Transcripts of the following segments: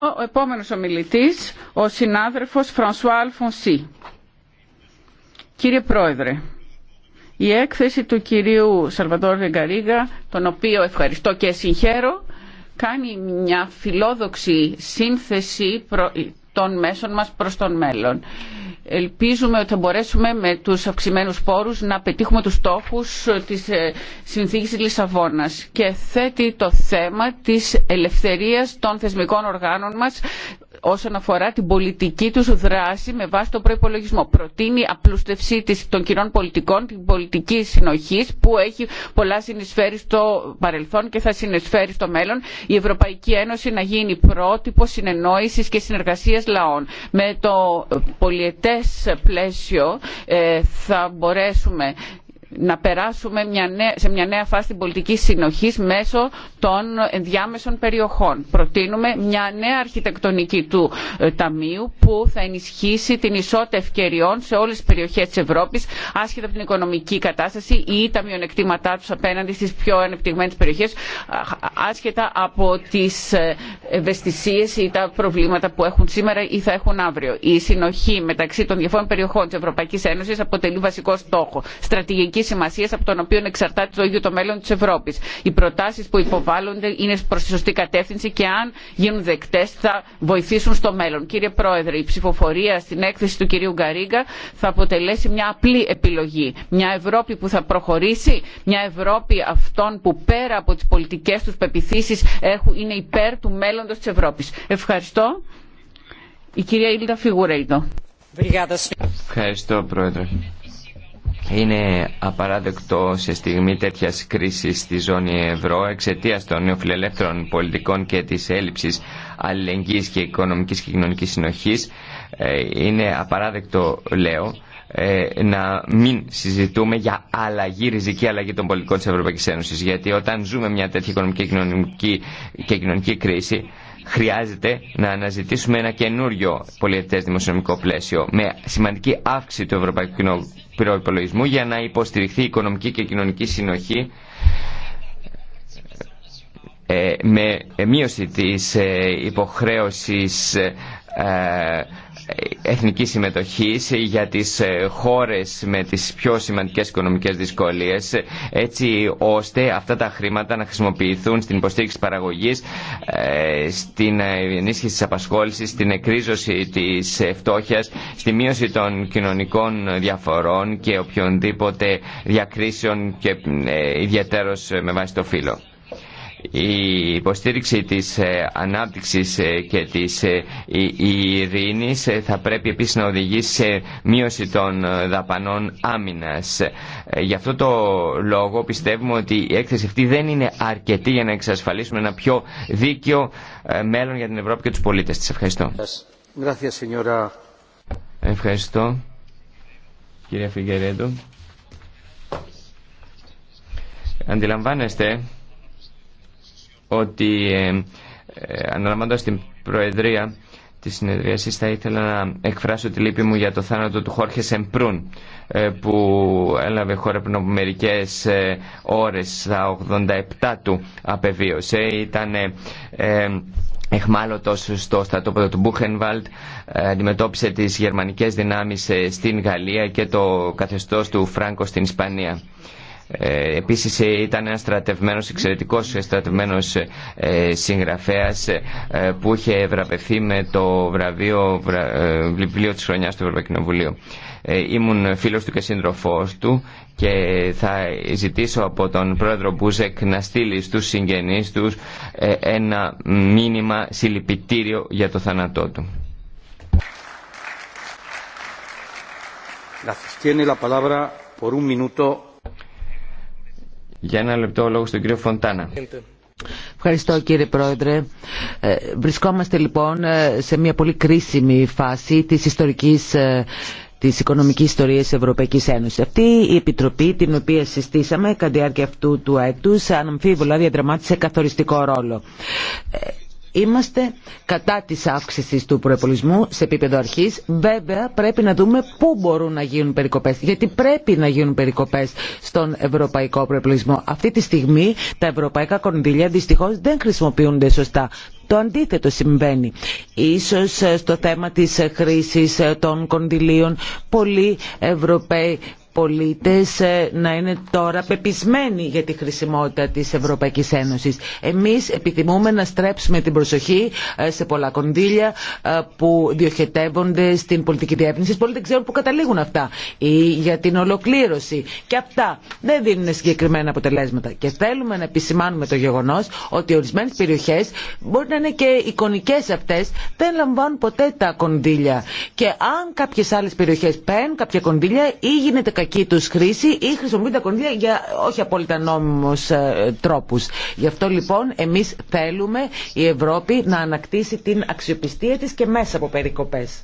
Ο επόμενος ομιλητής, ο συνάδελφος Φρανσουά Αλφονσί. Κύριε Πρόεδρε, η έκθεση του κυρίου Σαλβατόρ Γκαρίγα, τον οποίο ευχαριστώ και συγχαίρω, κάνει μια φιλόδοξη σύνθεση των μέσων μας προς τον μέλλον ελπίζουμε ότι θα μπορέσουμε με τους αυξημένους πόρους να πετύχουμε τους στόχους ε, της ε, συνθήκης της Λισαβόνας και θέτει το θέμα της ελευθερίας των θεσμικών οργάνων μας όσον αφορά την πολιτική τους δράση με βάση τον προϋπολογισμό. Προτείνει απλούστευση των κοινών πολιτικών, την πολιτική συνοχής που έχει πολλά συνεισφέρει στο παρελθόν και θα συνεισφέρει στο μέλλον η Ευρωπαϊκή Ένωση να γίνει πρότυπο συνεννόησης και συνεργασίας λαών. Με το πολιετέ σε πλαίσιο ε, θα μπορέσουμε να περάσουμε σε μια νέα φάση πολιτική συνοχής μέσω των διάμεσων περιοχών. Προτείνουμε μια νέα αρχιτεκτονική του ε, Ταμείου που θα ενισχύσει την ισότητα ευκαιριών σε όλες τις περιοχές της Ευρώπης άσχετα από την οικονομική κατάσταση ή τα μειονεκτήματά τους απέναντι στις πιο ανεπτυγμένες περιοχές άσχετα από τις ε, ευαισθησίες ή τα προβλήματα που έχουν σήμερα ή θα έχουν αύριο. Η συνοχή μεταξύ των διαφόρων περιοχών της Ευρωπαϊκής Ένωσης αποτελεί βασικό στόχο. Στρατηγική κεντρική από τον οποίο εξαρτάται το ίδιο το μέλλον τη Ευρώπη. Οι προτάσει που υποβάλλονται είναι προ τη σωστή κατεύθυνση και αν γίνουν δεκτέ θα βοηθήσουν στο μέλλον. Κύριε Πρόεδρε, η ψηφοφορία στην έκθεση του κυρίου Γκαρίγκα θα αποτελέσει μια απλή επιλογή. Μια Ευρώπη που θα προχωρήσει, μια Ευρώπη αυτών που πέρα από τι πολιτικέ του πεπιθήσει είναι υπέρ του μέλλοντο τη Ευρώπη. Ευχαριστώ. Η κυρία Ήλτα Φιγουρέιντο. Ευχαριστώ, Πρόεδρε. Είναι απαράδεκτο σε στιγμή τέτοια κρίση στη ζώνη ευρώ εξαιτία των νεοφιλελεύθερων πολιτικών και τη έλλειψη αλληλεγγύη και οικονομική και κοινωνική συνοχή. Ε, είναι απαράδεκτο, λέω, ε, να μην συζητούμε για αλλαγή, ριζική αλλαγή των πολιτικών τη Ευρωπαϊκή Ένωση. Γιατί όταν ζούμε μια τέτοια οικονομική κοινωνική και κοινωνική κρίση, χρειάζεται να αναζητήσουμε ένα καινούριο πολιετές δημοσιονομικό πλαίσιο με σημαντική αύξηση του ευρωπαϊκού προπολογισμού για να υποστηριχθεί η οικονομική και κοινωνική συνοχή ε, με μείωση της ε, υποχρέωσης ε, ε, εθνικής συμμετοχή για τις ε, χώρες με τις πιο σημαντικές οικονομικές δυσκολίες έτσι ώστε αυτά τα χρήματα να χρησιμοποιηθούν στην υποστήριξη της παραγωγής ε, στην ενίσχυση της απασχόλησης στην εκρίζωση της φτώχειας στη μείωση των κοινωνικών διαφορών και οποιονδήποτε διακρίσεων και ιδιαίτερος με βάση το φύλλο η υποστήριξη της ε, ανάπτυξης ε, και της ε, ειρήνης θα πρέπει επίσης να οδηγήσει σε μείωση των δαπανών άμυνας. Γι' αυτό το λόγο πιστεύουμε ότι η έκθεση αυτή δεν είναι αρκετή για να εξασφαλίσουμε ένα πιο δίκαιο μέλλον για την Ευρώπη και τους πολίτες της. Ευχαριστώ. Ευχαριστώ. Κυρία Φιγκερέντο. Αντιλαμβάνεστε ότι ε, ε, αναλαμβάνοντας την Προεδρία της συνεδρίασης θα ήθελα να εκφράσω τη λύπη μου για το θάνατο του Χόρχε Σεμπρούν ε, που έλαβε χώρα πριν από μερικές ε, ώρες στα 87 του απεβίωσε ήταν εχμάλωτος στο στρατόπεδο του Μπούχενβαλτ αντιμετώπισε τις γερμανικές δυνάμεις στην Γαλλία και το καθεστώς του Φράγκο στην Ισπανία ε, επίσης ε, ήταν ένας στρατευμένος, εξαιρετικός ε, στρατευμένος ε, συγγραφέας που είχε βραβευθεί με το βραβείο βιβλίο της χρονιάς του Ευρωκοινοβουλίου. Ήμουν φίλος του και σύντροφός του και θα ζητήσω από τον πρόεδρο Μπούζεκ να στείλει στους συγγενείς τους ένα μήνυμα συλληπιτήριο για το θάνατό του. por un για ένα λεπτό λόγο στον κύριο Φοντάνα. Ευχαριστώ κύριε Πρόεδρε. Ε, βρισκόμαστε λοιπόν ε, σε μια πολύ κρίσιμη φάση της ιστορικής ε, τη οικονομική ιστορία τη Ευρωπαϊκή Ένωση. Αυτή η επιτροπή, την οποία συστήσαμε κατά τη διάρκεια αυτού του έτου, αναμφίβολα διαδραμάτισε καθοριστικό ρόλο. Είμαστε κατά της αύξησης του προεπολισμού σε επίπεδο αρχής. Βέβαια πρέπει να δούμε πού μπορούν να γίνουν περικοπές. Γιατί πρέπει να γίνουν περικοπές στον ευρωπαϊκό προεπολισμό. Αυτή τη στιγμή τα ευρωπαϊκά κονδύλια δυστυχώς δεν χρησιμοποιούνται σωστά. Το αντίθετο συμβαίνει. Ίσως ε, στο θέμα της ε, χρήσης ε, των κονδυλίων πολλοί Ευρωπαίοι πολίτες ε, να είναι τώρα πεπισμένοι για τη χρησιμότητα της Ευρωπαϊκής Ένωσης. Εμείς επιθυμούμε να στρέψουμε την προσοχή ε, σε πολλά κονδύλια ε, που διοχετεύονται στην πολιτική διεύθυνση. Πολλοί δεν ξέρουν που καταλήγουν αυτά ή για την ολοκλήρωση. Και αυτά δεν δίνουν συγκεκριμένα αποτελέσματα. Και θέλουμε να επισημάνουμε το γεγονός ότι ορισμένες περιοχές μπορεί να είναι και εικονικές αυτές, δεν λαμβάνουν ποτέ τα κονδύλια. Και αν κάποιες άλλες περιοχές παίρνουν κάποια κονδύλια ή γίνεται κακή δική τους χρήση ή χρησιμοποιούν τα κονδύλια για όχι απόλυτα νόμιμους ε, τρόπους. Γι' αυτό λοιπόν εμείς θέλουμε η Ευρώπη να ανακτήσει την αξιοπιστία της και μέσα από περικοπές.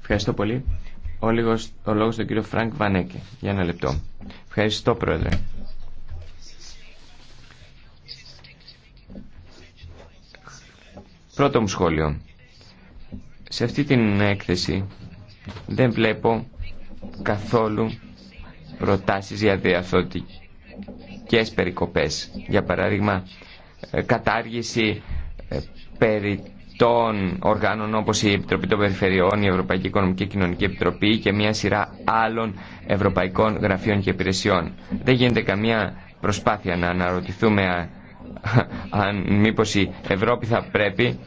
Ευχαριστώ πολύ. Ο, λίγος, ο λόγος του κύριο Φρανκ Βανέκη. Για ένα λεπτό. Ευχαριστώ πρόεδρε. Πρώτο μου σχόλιο. Σε αυτή την έκθεση δεν βλέπω καθόλου προτάσεις για διαθωτικές περικοπές. Για παράδειγμα, ε, κατάργηση ε, περί των οργάνων όπως η Επιτροπή των Περιφερειών, η Ευρωπαϊκή Οικονομική και Κοινωνική Επιτροπή και μια σειρά άλλων ευρωπαϊκών γραφείων και υπηρεσιών. Δεν γίνεται καμία προσπάθεια να αναρωτηθούμε αν μήπως η Ευρώπη θα πρέπει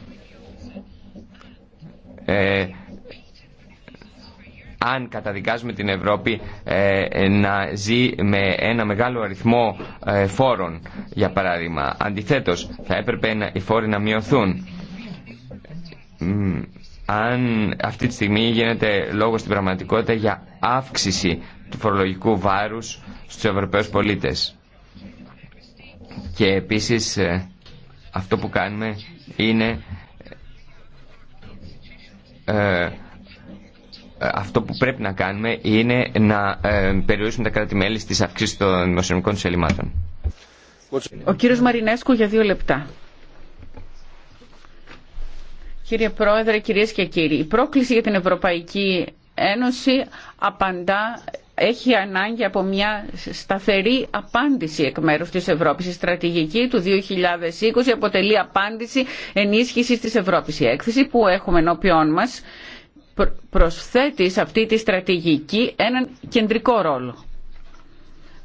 ε, αν καταδικάζουμε την Ευρώπη ε, να ζει με ένα μεγάλο αριθμό ε, φόρων, για παράδειγμα. Αντιθέτως, θα έπρεπε οι φόροι να μειωθούν. Αν αυτή τη στιγμή γίνεται λόγος στην πραγματικότητα για αύξηση του φορολογικού βάρους στους Ευρωπαίους πολίτες. Και επίσης ε, αυτό που κάνουμε είναι ε, αυτό που πρέπει να κάνουμε είναι να ε, περιορίσουμε τα κράτη-μέλη στις αυξήσεις των δημοσιονομικών τους Ο κύριος Μαρινέσκου για δύο λεπτά. Κύριε Πρόεδρε, κυρίες και κύριοι, η πρόκληση για την Ευρωπαϊκή Ένωση απαντά έχει ανάγκη από μια σταθερή απάντηση εκ μέρους της Ευρώπης. Η στρατηγική του 2020 αποτελεί απάντηση ενίσχυσης της Ευρώπης. Η έκθεση που έχουμε ενώπιόν μας προσθέτει σε αυτή τη στρατηγική έναν κεντρικό ρόλο.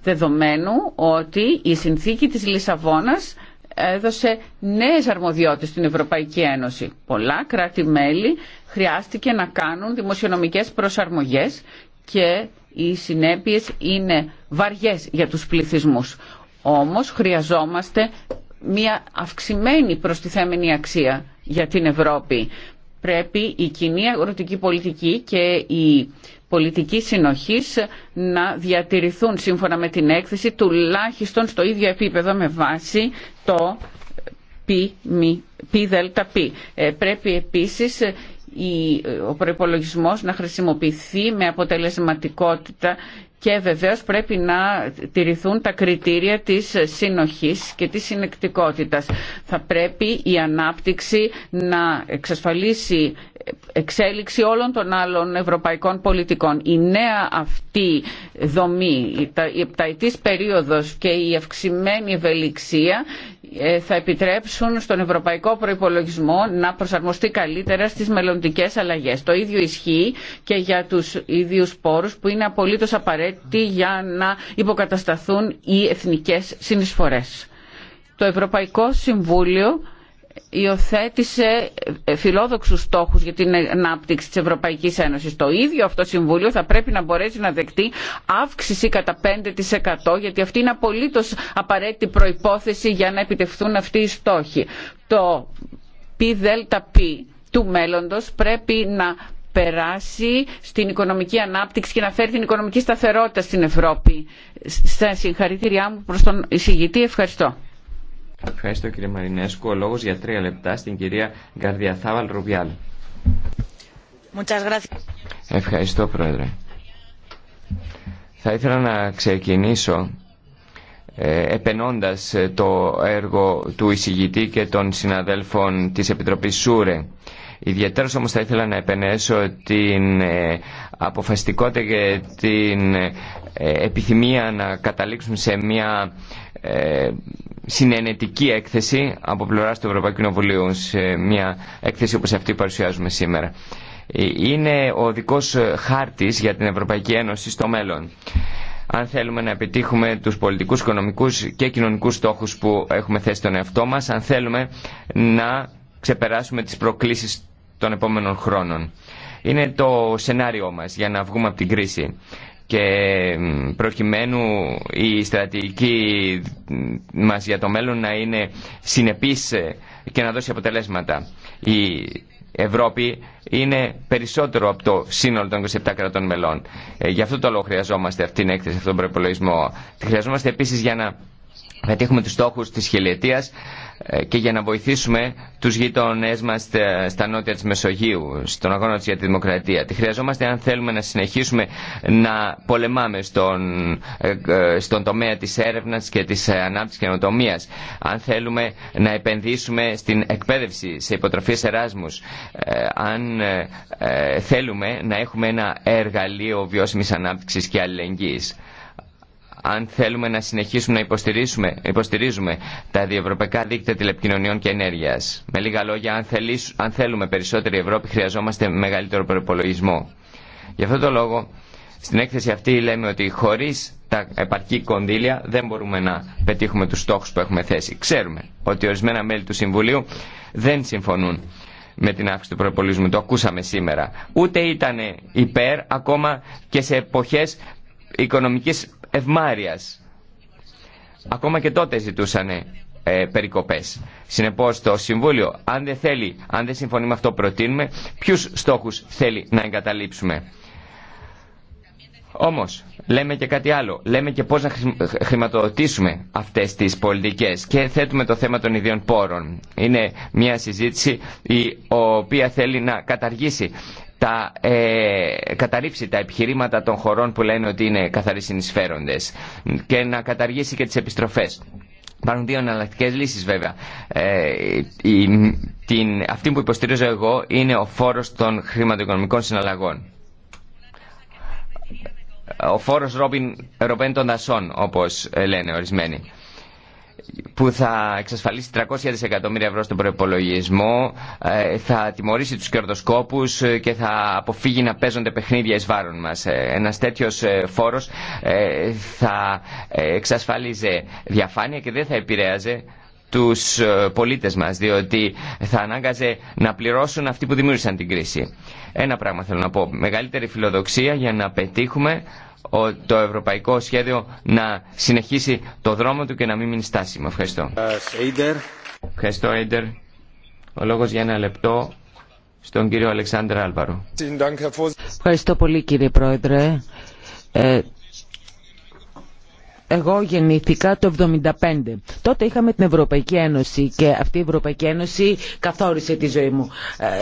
Δεδομένου ότι η συνθήκη της Λισαβόνας έδωσε νέες αρμοδιότητες στην Ευρωπαϊκή Ένωση. Πολλά κράτη-μέλη χρειάστηκε να κάνουν δημοσιονομικές προσαρμογές και οι συνέπειες είναι βαριές για τους πληθυσμούς. Όμως χρειαζόμαστε μια αυξημένη προστιθέμενη αξία για την Ευρώπη πρέπει η κοινή αγροτική πολιτική και η πολιτική συνοχής να διατηρηθούν σύμφωνα με την έκθεση τουλάχιστον στο ίδιο επίπεδο με βάση το πι δελτα ε, Πρέπει επίσης ο προϋπολογισμός να χρησιμοποιηθεί με αποτελεσματικότητα και βεβαίως πρέπει να τηρηθούν τα κριτήρια της συνοχής και της συνεκτικότητας. Θα πρέπει η ανάπτυξη να εξασφαλίσει εξέλιξη όλων των άλλων ευρωπαϊκών πολιτικών. Η νέα αυτή δομή, η επταετής περίοδος και η αυξημένη ευελιξία ε, θα επιτρέψουν στον ευρωπαϊκό προϋπολογισμό να προσαρμοστεί καλύτερα στις μελλοντικές αλλαγές. Το ίδιο ισχύει και για τους ίδιους πόρους που είναι απολύτως απαραίτητοι για να υποκατασταθούν οι εθνικές συνεισφορές. Το Ευρωπαϊκό Συμβούλιο υιοθέτησε φιλόδοξου στόχου για την ανάπτυξη τη Ευρωπαϊκή Ένωση. Το ίδιο αυτό Συμβούλιο θα πρέπει να μπορέσει να δεχτεί αύξηση κατά 5% γιατί αυτή είναι απολύτως απαραίτητη προπόθεση για να επιτευχθούν αυτοί οι στόχοι. Το πι του μέλλοντο πρέπει να περάσει στην οικονομική ανάπτυξη και να φέρει την οικονομική σταθερότητα στην Ευρώπη. Στα συγχαρητήριά μου προς τον εισηγητή. Ευχαριστώ. Ευχαριστώ κύριε Μαρινέσκου. Ο λόγος για τρία λεπτά στην κυρία Γκαρδιαθάβαλ Ρουβιάλ. Ευχαριστώ πρόεδρε. Θα ήθελα να ξεκινήσω ε, επενώντας ε, το έργο του εισηγητή και των συναδέλφων της Επιτροπής ΣΟΥΡΕ. Ιδιαίτερα όμως θα ήθελα να επενέσω την ε, αποφασιστικότητα και την ε, επιθυμία να καταλήξουν σε μια ε, συνενετική έκθεση από πλευράς του Ευρωπαϊκού Κοινοβουλίου σε μια έκθεση όπως αυτή που παρουσιάζουμε σήμερα. Ε, είναι ο δικός χάρτης για την Ευρωπαϊκή Ένωση στο μέλλον αν θέλουμε να επιτύχουμε τους πολιτικούς, οικονομικούς και κοινωνικούς στόχους που έχουμε θέσει τον εαυτό μας, αν θέλουμε να ξεπεράσουμε τις προκλήσεις των επόμενων χρόνων είναι το σενάριό μας για να βγούμε από την κρίση. Και προκειμένου η στρατηγική μας για το μέλλον να είναι συνεπής ε, και να δώσει αποτελέσματα. Η Ευρώπη είναι περισσότερο από το σύνολο των 27 κρατών μελών. Ε, γι' αυτό το λόγο χρειαζόμαστε αυτήν την έκθεση, αυτόν τον προπολογισμό. Τη χρειαζόμαστε επίσης για να πετύχουμε τους στόχους της χιλιετίας ε, και για να βοηθήσουμε τους γείτονές μας ε, στα νότια της Μεσογείου, στον αγώνα της για τη δημοκρατία. Τη χρειαζόμαστε αν θέλουμε να συνεχίσουμε να πολεμάμε στον, ε, στον τομέα της έρευνας και της ανάπτυξης και ενοτομίας. Αν θέλουμε να επενδύσουμε στην εκπαίδευση, σε υποτροφίες εράσμους. Αν θέλουμε να έχουμε ένα εργαλείο βιώσιμης ανάπτυξης και αλληλεγγύης αν θέλουμε να συνεχίσουμε να υποστηρίζουμε, υποστηρίζουμε τα διευρωπαϊκά δίκτυα τηλεπικοινωνιών και ενέργεια. Με λίγα λόγια, αν, αν θέλουμε περισσότερη Ευρώπη, χρειαζόμαστε μεγαλύτερο προπολογισμό. Γι' αυτό το λόγο, στην έκθεση αυτή λέμε ότι χωρί τα επαρκή κονδύλια δεν μπορούμε να πετύχουμε του στόχου που έχουμε θέσει. Ξέρουμε ότι ορισμένα μέλη του Συμβουλίου δεν συμφωνούν με την αύξηση του προπολογισμού. Το ακούσαμε σήμερα. Ούτε ήταν υπέρ ακόμα και σε εποχέ οικονομικής ευμάρειας. Ακόμα και τότε ζητούσαν ε, περικοπές. Συνεπώς το Συμβούλιο, αν δεν θέλει, αν δεν συμφωνεί με αυτό προτείνουμε, ποιους στόχους θέλει να εγκαταλείψουμε. Όμω, λέμε και κάτι άλλο. Λέμε και πώς να χρηματοδοτήσουμε αυτές τις πολιτικές και θέτουμε το θέμα των ιδιών πόρων. Είναι μια συζήτηση η οποία θέλει να καταργήσει τα, ε, καταρρύψει τα επιχειρήματα των χωρών που λένε ότι είναι καθαροί συνεισφέροντε και να καταργήσει και τις επιστροφές. Υπάρχουν δύο εναλλακτικέ λύσει βέβαια. Ε, την, αυτή που υποστηρίζω εγώ είναι ο φόρο των χρηματοοικονομικών συναλλαγών ο φόρος Ρομπέν των δασών, όπως ε, λένε ορισμένοι, που θα εξασφαλίσει 300 δισεκατομμύρια ευρώ στον προπολογισμό, ε, θα τιμωρήσει τους κερδοσκόπους ε, και θα αποφύγει να παίζονται παιχνίδια εις βάρον μας. Ένας τέτοιος φόρος θα εξασφαλίζε διαφάνεια και δεν θα επηρέαζε τους πολίτες μας, διότι θα ανάγκαζε να πληρώσουν αυτοί που δημιούργησαν την κρίση. Ένα πράγμα θέλω να πω, μεγαλύτερη φιλοδοξία για να πετύχουμε το ευρωπαϊκό σχέδιο να συνεχίσει το δρόμο του και να μην μείνει στάσιμο. Ευχαριστώ. Ευχαριστώ, Έντερ. Ο λόγος για ένα λεπτό στον κύριο Αλεξάνδρα Άλβαρο. Ευχαριστώ πολύ κύριε Πρόεδρε. Ε, εγώ γεννήθηκα το 1975. Τότε είχαμε την Ευρωπαϊκή Ένωση και αυτή η Ευρωπαϊκή Ένωση καθόρισε τη ζωή μου.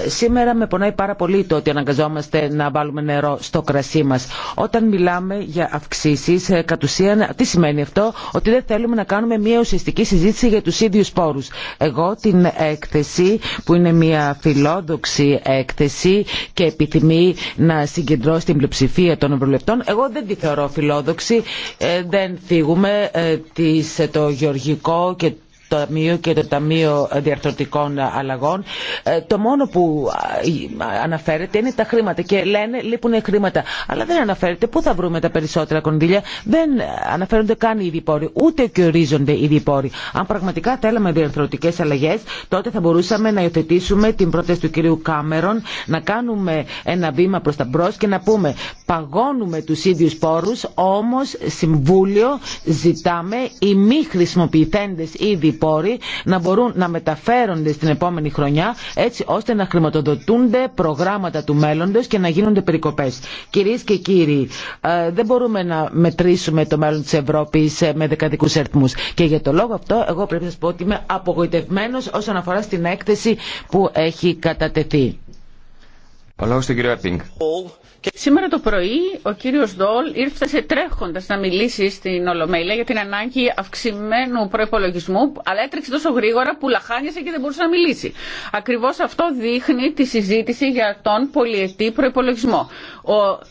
Ε, σήμερα με πονάει πάρα πολύ το ότι αναγκαζόμαστε να βάλουμε νερό στο κρασί μας. Όταν μιλάμε για αυξήσεις, ε, κατ' ουσίαν, τι σημαίνει αυτό, ότι δεν θέλουμε να κάνουμε μια ουσιαστική συζήτηση για τους ίδιους πόρους. Εγώ την έκθεση που είναι μια φιλόδοξη έκθεση και επιθυμεί να συγκεντρώσει την πλειοψηφία των ευρωλεπτών, εγώ δεν τη θεωρώ φιλόδοξη, ε, δεν σε ε, ε, το γεωργικό και το Ταμείο και το Ταμείο Διαρθρωτικών Αλλαγών. Ε, το μόνο που ε, αναφέρεται είναι τα χρήματα και λένε λείπουν χρήματα. Αλλά δεν αναφέρεται πού θα βρούμε τα περισσότερα κονδύλια. Δεν αναφέρονται καν οι διπόροι, ούτε και ορίζονται οι διπόροι. Αν πραγματικά θέλαμε διαρθρωτικέ αλλαγέ, τότε θα μπορούσαμε να υιοθετήσουμε την πρόταση του κυρίου Κάμερον, να κάνουμε ένα βήμα προ τα μπρο και να πούμε παγώνουμε του ίδιου πόρου, όμω Συμβούλιο ζητάμε οι μη χρησιμοποιηθέντε ήδη πόροι να μπορούν να μεταφέρονται στην επόμενη χρονιά έτσι ώστε να χρηματοδοτούνται προγράμματα του μέλλοντος και να γίνονται περικοπές. Κυρίες και κύριοι, ε, δεν μπορούμε να μετρήσουμε το μέλλον της Ευρώπης ε, με δεκαδικούς αριθμούς και για το λόγο αυτό εγώ πρέπει να σας πω ότι είμαι απογοητευμένος όσον αφορά στην έκθεση που έχει κατατεθεί. Και σήμερα το πρωί ο κύριος Δόλ ήρθε σε τρέχοντας να μιλήσει στην Ολομέλεια για την ανάγκη αυξημένου προϋπολογισμού, αλλά έτρεξε τόσο γρήγορα που λαχάνιασε και δεν μπορούσε να μιλήσει. Ακριβώς αυτό δείχνει τη συζήτηση για τον πολιετή προϋπολογισμό. Ο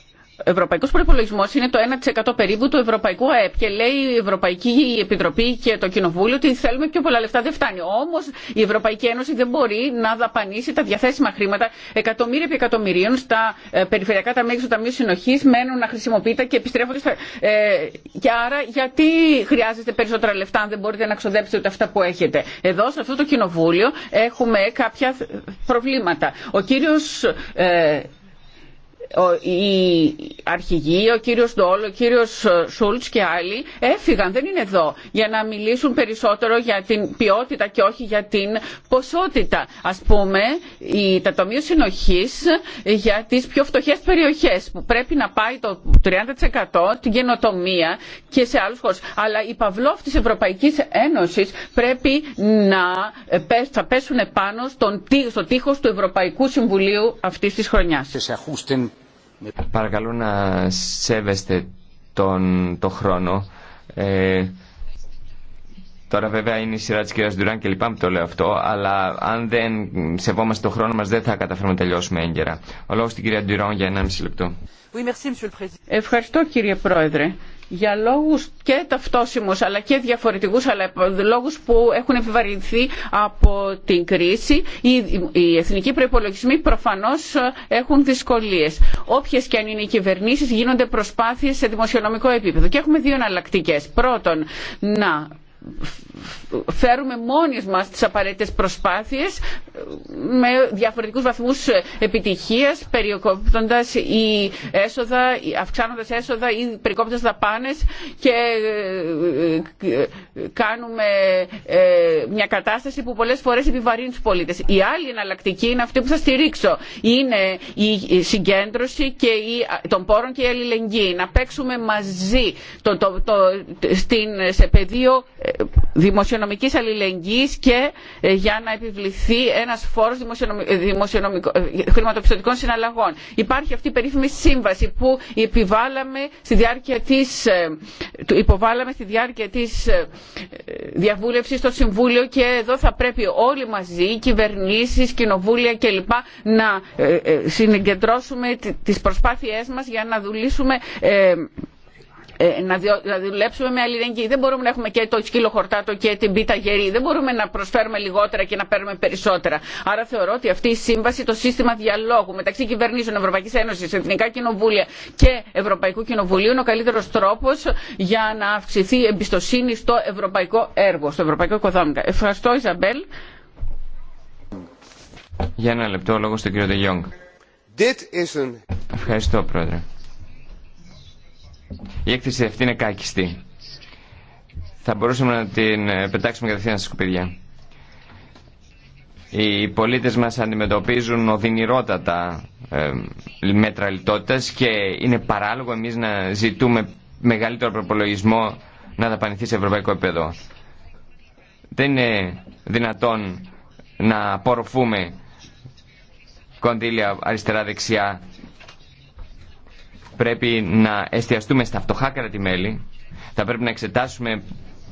Ευρωπαϊκό Προπολογισμό είναι το 1% περίπου του ευρωπαϊκού ΑΕΠ και λέει η Ευρωπαϊκή Επιτροπή και το Κοινοβούλιο ότι θέλουμε πιο πολλά λεφτά, δεν φτάνει. Όμω η Ευρωπαϊκή Ένωση δεν μπορεί να δαπανίσει τα διαθέσιμα χρήματα εκατομμύρια επί εκατομμυρίων στα ε, περιφερειακά ταμεία και Ταμείου Ταμείο μένουν να χρησιμοποιείται και επιστρέφονται στα... Ε, και άρα γιατί χρειάζεστε περισσότερα λεφτά αν δεν μπορείτε να ξοδέψετε ούτε αυτά που έχετε. Εδώ σε αυτό το Κοινοβούλιο έχουμε κάποια προβλήματα. Ο ε, οι αρχηγοί, ο κύριος Ντόλ, ο κύριος ε, Σούλτς και άλλοι έφυγαν, δεν είναι εδώ, για να μιλήσουν περισσότερο για την ποιότητα και όχι για την ποσότητα. Ας πούμε, η, τα Ταμείο Συνοχής για τις πιο φτωχές περιοχές που πρέπει να πάει το 30% την καινοτομία και σε άλλους χώρους. Αλλά οι παυλόφ της Ευρωπαϊκής Ένωσης πρέπει να ε, θα πέσουν πάνω στον, στο τείχος του Ευρωπαϊκού Συμβουλίου αυτής της χρονιάς. Παρακαλώ να σέβεστε τον, το χρόνο. Ε, Τώρα βέβαια είναι η σειρά τη κύρια Ντουράν και λυπάμαι που το λέω αυτό, αλλά αν δεν σεβόμαστε το χρόνο μα δεν θα καταφέρουμε να τελειώσουμε έγκαιρα. Ο λόγο στην κυρία Ντουράν για 1,5 λεπτό. Ευχαριστώ κύριε Πρόεδρε για λόγους και ταυτόσιμους αλλά και διαφορετικούς αλλά λόγους που έχουν επιβαρυνθεί από την κρίση οι, εθνικοί προϋπολογισμοί προφανώς ε, έχουν δυσκολίες όποιες και αν είναι οι κυβερνήσεις γίνονται προσπάθειες σε δημοσιονομικό επίπεδο και έχουμε δύο εναλλακτικέ. πρώτον να φέρουμε μόνοι μας τις απαραίτητες προσπάθειες με διαφορετικούς βαθμούς επιτυχίας περικόπτοντας ή έσοδα, αυξάνοντας έσοδα ή περικόπτοντας δαπάνες και ε, ε, κάνουμε ε, μια κατάσταση περιοκόπτοντας Η εσοδα αυξανοντας εσοδα η τα δαπανες εναλλακτική είναι αυτή που θα στηρίξω. Είναι η συγκέντρωση και η, των πόρων και η αλληλεγγύη. Να παίξουμε μαζί το, στην, σε πεδίο δημοσιονομικής αλληλεγγύης και ε, για να επιβληθεί ένας φόρος ε, ε, χρηματοπιστωτικών συναλλαγών. Υπάρχει αυτή η περίφημη σύμβαση που επιβάλαμε στη διάρκεια της, υποβάλαμε στη διάρκεια της διαβούλευσης στο Συμβούλιο και εδώ θα πρέπει όλοι μαζί, κυβερνήσεις, κοινοβούλια κλπ. να συγκεντρώσουμε τις προσπάθειές μας για να δουλήσουμε ε, να δουλέψουμε με αλληλεγγύη. Δεν μπορούμε να έχουμε και το σκύλο χορτάτο και την πίτα γερή. Δεν μπορούμε να προσφέρουμε λιγότερα και να παίρνουμε περισσότερα. Άρα θεωρώ ότι αυτή η σύμβαση, το σύστημα διαλόγου μεταξύ κυβερνήσεων Ευρωπαϊκή Ένωση, Εθνικά Κοινοβούλια και Ευρωπαϊκού Κοινοβουλίου είναι ο καλύτερο τρόπο για να αυξηθεί η εμπιστοσύνη στο ευρωπαϊκό έργο, στο ευρωπαϊκό οικοδόμημα. Ευχαριστώ, Ιζαμπέλ. Για ένα λεπτό, λόγο στον κύριο Ευχαριστώ, Πρόεδρε. Η έκθεση αυτή είναι κάκιστη. Θα μπορούσαμε να την ε, πετάξουμε κατευθείαν στα σκουπίδια. Οι πολίτες μας αντιμετωπίζουν οδυνηρότατα ε, μέτρα λιτότητας και είναι παράλογο εμείς να ζητούμε μεγαλύτερο προπολογισμό να δαπανηθεί σε ευρωπαϊκό επίπεδο. Δεν είναι δυνατόν να απορροφούμε κονδύλια αριστερά-δεξιά πρέπει να εστιαστούμε στα φτωχα κρατημέλη, θα πρέπει να εξετάσουμε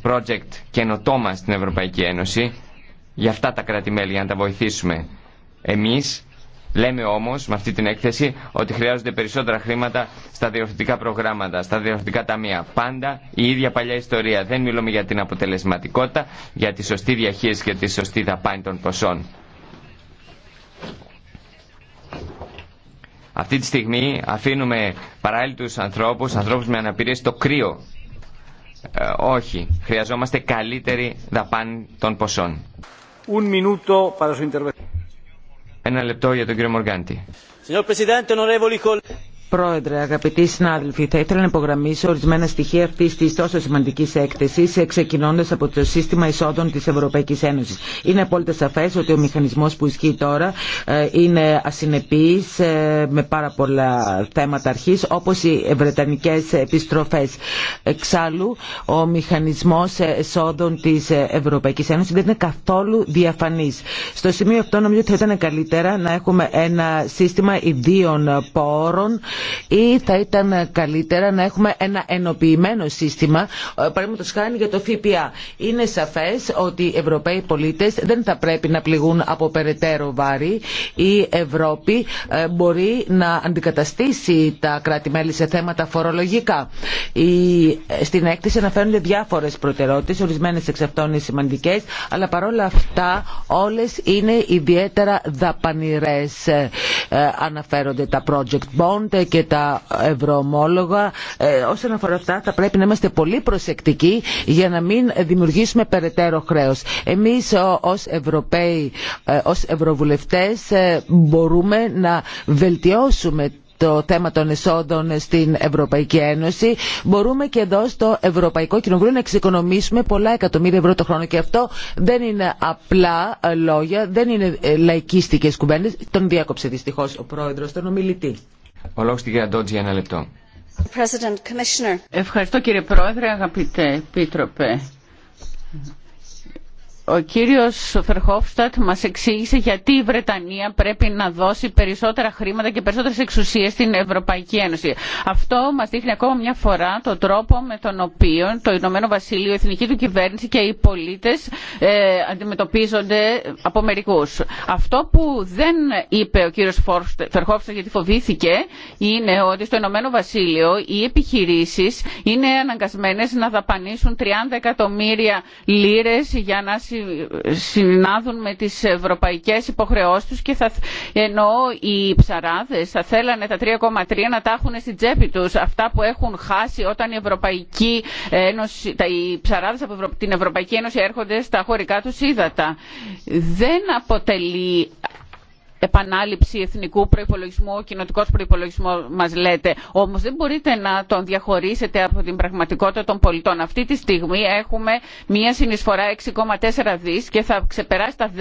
project καινοτόμα στην Ευρωπαϊκή Ένωση για αυτά τα κρατη για να τα βοηθήσουμε. Εμείς λέμε όμως με αυτή την έκθεση ότι χρειάζονται περισσότερα χρήματα στα διορθωτικά προγράμματα, στα διορθωτικά ταμεία. Πάντα η ίδια παλιά ιστορία. Δεν μιλούμε για την αποτελεσματικότητα, για τη σωστή διαχείριση και τη σωστή δαπάνη των ποσών. Αυτή τη στιγμή αφήνουμε παράλληλους ανθρώπους, ανθρώπους με αναπηρίες στο κρύο. Ε, όχι, χρειαζόμαστε καλύτερη δαπάνη των ποσών. Ένα λεπτό για τον κύριο Μοργάντη. Πρόεδρε, αγαπητοί συνάδελφοι, θα ήθελα να υπογραμμίσω ορισμένα στοιχεία αυτή τη τόσο σημαντική έκθεση, ξεκινώντα από το σύστημα εισόδων τη Ευρωπαϊκή Ένωση. Είναι απόλυτα σαφέ ότι ο μηχανισμό που ισχύει τώρα ε, είναι ασυνεπή ε, με πάρα πολλά θέματα αρχή, όπω οι βρετανικέ επιστροφέ. Εξάλλου, ο μηχανισμό εισόδων τη Ευρωπαϊκή Ένωση δεν είναι καθόλου διαφανή. Στο σημείο αυτό, νομίζω ότι θα ήταν καλύτερα να έχουμε ένα σύστημα ιδίων πόρων, ή θα ήταν καλύτερα να έχουμε ένα ενοποιημένο σύστημα, ε, παραδείγματο χάρη για το ΦΠΑ. Είναι σαφέ ότι οι Ευρωπαίοι πολίτε δεν θα πρέπει να πληγούν από περαιτέρω βάρη. Η Ευρώπη ε, μπορεί να αντικαταστήσει τα κράτη-μέλη σε θέματα φορολογικά. Ε, στην έκθεση αναφέρονται διάφορε προτεραιότητε, ορισμένε εξ αυτών είναι σημαντικέ, αλλά παρόλα αυτά όλε είναι ιδιαίτερα δαπανηρέ. Αναφέρονται τα project bond και τα ευρωομόλογα. Ε, όσον αφορά αυτά θα πρέπει να είμαστε πολύ προσεκτικοί για να μην δημιουργήσουμε περαιτέρω χρέο. Εμεί ω Ευρωπαίοι, ε, ω Ευρωβουλευτέ ε, μπορούμε να βελτιώσουμε το θέμα των εσόδων στην Ευρωπαϊκή Ένωση. Μπορούμε και εδώ στο Ευρωπαϊκό Κοινοβούλιο να εξοικονομήσουμε πολλά εκατομμύρια ευρώ το χρόνο. Και αυτό δεν είναι απλά λόγια, δεν είναι λαϊκίστικες κουβέντες. Τον διάκοψε δυστυχώς ο πρόεδρος, τον ομιλητή. Ο λόγος στην κυρία Ντότζη για ένα λεπτό. Ευχαριστώ κύριε Πρόεδρε, αγαπητέ Επίτροπε ο κύριος Φερχόφστατ μας εξήγησε γιατί η Βρετανία πρέπει να δώσει περισσότερα χρήματα και περισσότερες εξουσίες στην Ευρωπαϊκή Ένωση. Αυτό μας δείχνει ακόμα μια φορά το τρόπο με τον οποίο το Ηνωμένο Βασίλειο, η εθνική του κυβέρνηση και οι πολίτες ε, αντιμετωπίζονται από μερικού. Αυτό που δεν είπε ο κύριος Φερχόφστατ γιατί φοβήθηκε είναι ότι στο Ηνωμένο Βασίλειο οι επιχειρήσεις είναι αναγκασμένες να δαπανίσουν 30 εκατομμύρια λίρες για να συνάδουν με τις ευρωπαϊκές υποχρεώσεις τους και θα, ενώ οι ψαράδες θα θέλανε τα 3,3 να τα έχουν στην τσέπη τους αυτά που έχουν χάσει όταν η Ευρωπαϊκή τα, οι ψαράδες από την Ευρωπαϊκή Ένωση έρχονται στα χωρικά τους ύδατα. Δεν αποτελεί επανάληψη εθνικού προπολογισμού, κοινοτικό προπολογισμό μας λέτε. Όμως δεν μπορείτε να τον διαχωρίσετε από την πραγματικότητα των πολιτών. Αυτή τη στιγμή έχουμε μία συνεισφορά 6,4 δις και θα ξεπεράσει τα 10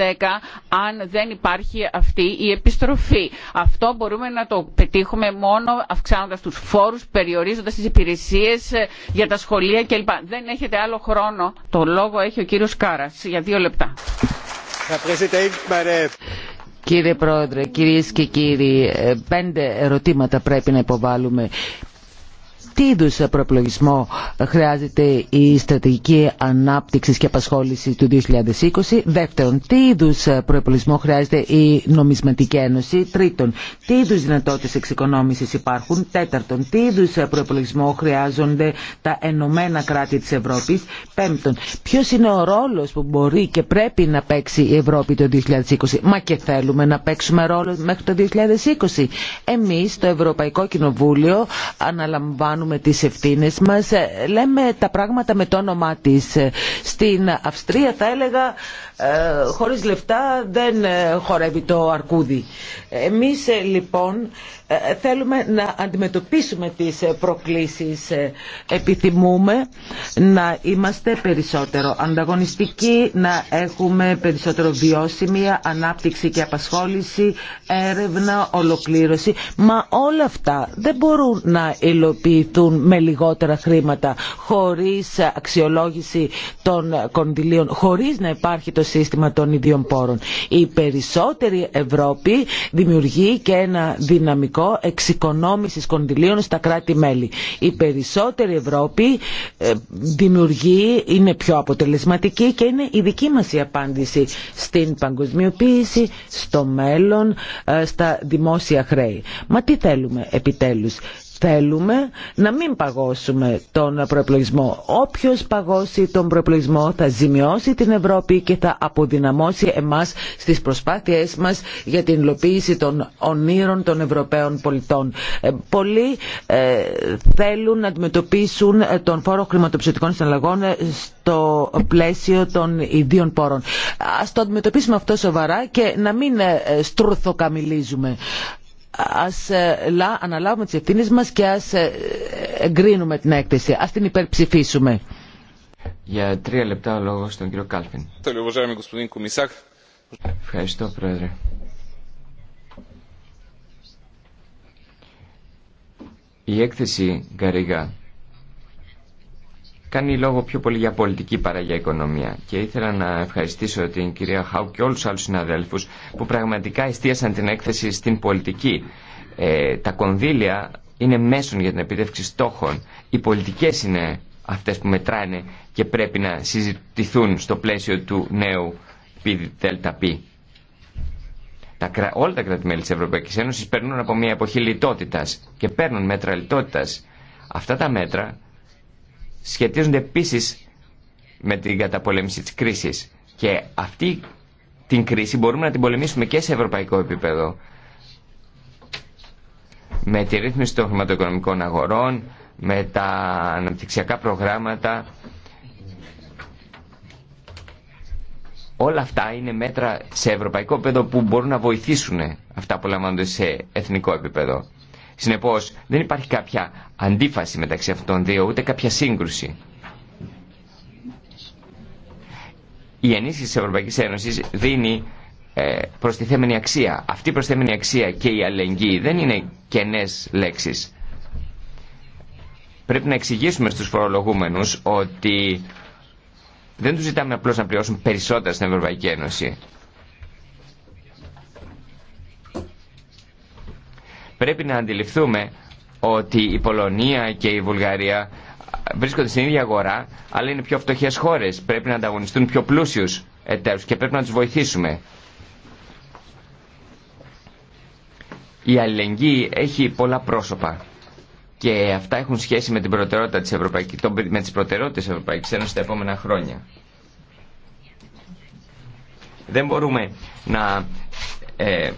αν δεν υπάρχει αυτή η επιστροφή. Αυτό μπορούμε να το πετύχουμε μόνο αυξάνοντας του φόρου, περιορίζοντα τι υπηρεσίε ε, για τα σχολεία κλπ. Δεν έχετε άλλο χρόνο. Το λόγο έχει ο κύριο Κάρα για δύο λεπτά. Κύριε Πρόεδρε, κυρίες και κύριοι, ε, πέντε ερωτήματα πρέπει να υποβάλουμε τι είδου προπλογισμό χρειάζεται η στρατηγική ανάπτυξη και απασχόληση του 2020. Δεύτερον, τι είδου προπολογισμό χρειάζεται η νομισματική ένωση. Τρίτον, τι είδου δυνατότητε εξοικονόμηση υπάρχουν. Τέταρτον, τι είδου προπολογισμό χρειάζονται τα ενωμένα κράτη τη Ευρώπη. Πέμπτον, ποιο είναι ο ρόλο που μπορεί και πρέπει να παίξει η Ευρώπη το 2020. Μα και θέλουμε να παίξουμε ρόλο μέχρι το 2020. Εμεί, το Ευρωπαϊκό Κοινοβούλιο, αναλαμβάνουμε με τις ευθύνες μας, ε, λέμε τα πράγματα με το όνομά της. Ε, στην Αυστρία θα έλεγα ε, χωρίς λεφτά δεν χορεύει το αρκούδι. Εμείς λοιπόν ε, ε, θέλουμε να αντιμετωπίσουμε τις ε, προκλήσεις. Επιθυμούμε να είμαστε περισσότερο ανταγωνιστικοί, να έχουμε περισσότερο βιώσιμη ανάπτυξη και απασχόληση, έρευνα, ολοκλήρωση. Μα όλα αυτά δεν μπορούν να υλοποιηθούν με λιγότερα χρήματα, χωρίς αξιολόγηση των κονδυλίων, χωρίς να υπάρχει το σύστημα των ιδιών πόρων. Η περισσότερη Ευρώπη δημιουργεί και ένα δυναμικό σημαντικό Εξοικονόμηση κονδυλίων στα κράτη-μέλη. Η περισσότερη Ευρώπη ε, δημιουργεί, είναι πιο αποτελεσματική και είναι η δική μας η απάντηση στην παγκοσμιοποίηση, στο μέλλον, ε, στα δημόσια χρέη. Μα τι θέλουμε επιτέλους θέλουμε να μην παγώσουμε τον προεπλογισμό. Όποιος παγώσει τον προεπλογισμό θα ζημιώσει την Ευρώπη και θα αποδυναμώσει εμάς στις προσπάθειές μας για την υλοποίηση των ονείρων των Ευρωπαίων πολιτών. Ε, πολλοί ε, θέλουν να αντιμετωπίσουν ε, τον φόρο χρηματοψηφιτικών συναλλαγών στο πλαίσιο των ιδίων πόρων. Ας το αντιμετωπίσουμε αυτό σοβαρά και να μην στρουθοκαμιλίζουμε ας ε, αναλάβουμε τις ευθύνες μας και ας ε, εγκρίνουμε την έκθεση, ας την υπερψηφίσουμε. Για τρία λεπτά ο λόγος στον κύριο Κάλφιν. Ευχαριστώ πρόεδρε. Η έκθεση Γκαρίγα κάνει λόγο πιο πολύ για πολιτική παρά για οικονομία. Και ήθελα να ευχαριστήσω την κυρία Χάου και όλου του άλλου συναδέλφου που πραγματικά εστίασαν την έκθεση στην πολιτική. Ε, τα κονδύλια είναι μέσον για την επίτευξη στόχων. Οι πολιτικές είναι αυτές που μετράνε και πρέπει να συζητηθούν στο πλαίσιο του νέου ΔΕΛΤΑΠ. όλα τα κράτη-μέλη της Ευρωπαϊκής Ένωσης περνούν από μια εποχή λιτότητα και παίρνουν μέτρα λιτότητας. Αυτά τα μέτρα σχετίζονται επίση με την καταπολέμηση τη κρίσης. Και αυτή την κρίση μπορούμε να την πολεμήσουμε και σε ευρωπαϊκό επίπεδο. Με τη ρύθμιση των χρηματοοικονομικών αγορών, με τα αναπτυξιακά προγράμματα. Όλα αυτά είναι μέτρα σε ευρωπαϊκό επίπεδο που μπορούν να βοηθήσουν αυτά που λαμβάνονται σε εθνικό επίπεδο. Συνεπώς δεν υπάρχει κάποια αντίφαση μεταξύ αυτών των δύο, ούτε κάποια σύγκρουση. Η ενίσχυση της Ευρωπαϊκή Ένωση δίνει ε, προστιθέμενη αξία. Αυτή η προστιθέμενη αξία και η αλληλεγγύη δεν είναι κενές λέξεις. Πρέπει να εξηγήσουμε στους φορολογούμενους ότι δεν τους ζητάμε απλώς να πληρώσουν περισσότερα στην Ευρωπαϊκή Ένωση. Πρέπει να αντιληφθούμε ότι η Πολωνία και η Βουλγαρία βρίσκονται στην ίδια αγορά, αλλά είναι πιο φτωχέ χώρε. Πρέπει να ανταγωνιστούν πιο πλούσιου εταίρου και πρέπει να του βοηθήσουμε. Η αλληλεγγύη έχει πολλά πρόσωπα και αυτά έχουν σχέση με, την προτεραιότητα της Ευρωπαϊκής, με τις προτεραιότητες της Ευρωπαϊκής Ένωσης τα επόμενα χρόνια. Δεν μπορούμε να ε,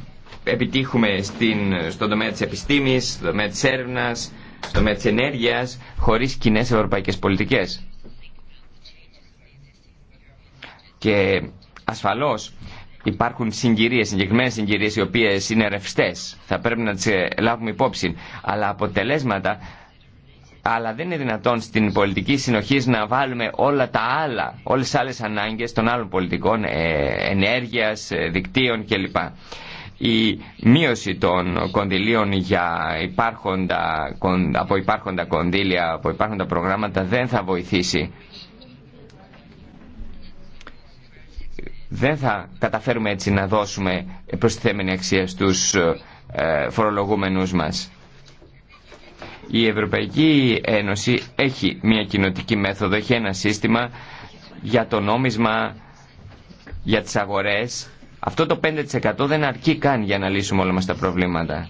επιτύχουμε στην, στον τομέα της επιστήμης, στον τομέα της έρευνας, στον τομέα της ενέργειας, χωρίς κοινέ ευρωπαϊκές πολιτικές. Και ασφαλώς υπάρχουν συγκυρίες, συγκεκριμένε συγκυρίες, οι οποίες είναι ρευστέ. Θα πρέπει να τι ε, λάβουμε υπόψη. Αλλά αποτελέσματα. Αλλά δεν είναι δυνατόν στην πολιτική συνοχή να βάλουμε όλα τα άλλα, όλες τις άλλε ανάγκε των άλλων πολιτικών, ε, ενέργεια, ε, δικτύων κλπ η μείωση των κονδυλίων για υπάρχοντα, από υπάρχοντα κονδύλια, από υπάρχοντα προγράμματα δεν θα βοηθήσει. Δεν θα καταφέρουμε έτσι να δώσουμε προστιθέμενη αξία στους ε, φορολογούμενους μας. Η Ευρωπαϊκή Ένωση έχει μια κοινοτική μέθοδο, έχει ένα σύστημα για το νόμισμα, για τις αγορές αυτό το 5% δεν αρκεί καν για να λύσουμε όλα μας τα προβλήματα.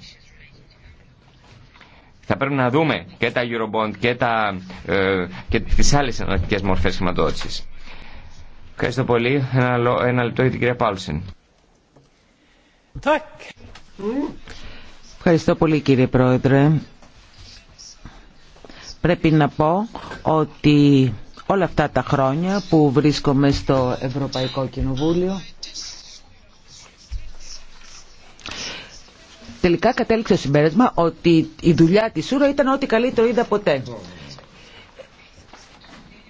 Θα πρέπει να δούμε και τα Eurobond και, τα, ε, και τις άλλες εναλλακτικές μορφές χρηματοδότησης. Ευχαριστώ πολύ. Ένα, ένα λεπτό για την κυρία Πάουλσεν. Ευχαριστώ πολύ κύριε Πρόεδρε. Πρέπει να πω ότι όλα αυτά τα χρόνια που βρίσκομαι στο Ευρωπαϊκό Κοινοβούλιο τελικά κατέληξε ο συμπέρασμα ότι η δουλειά της Σούρα ήταν ό,τι καλύτερο είδα ποτέ.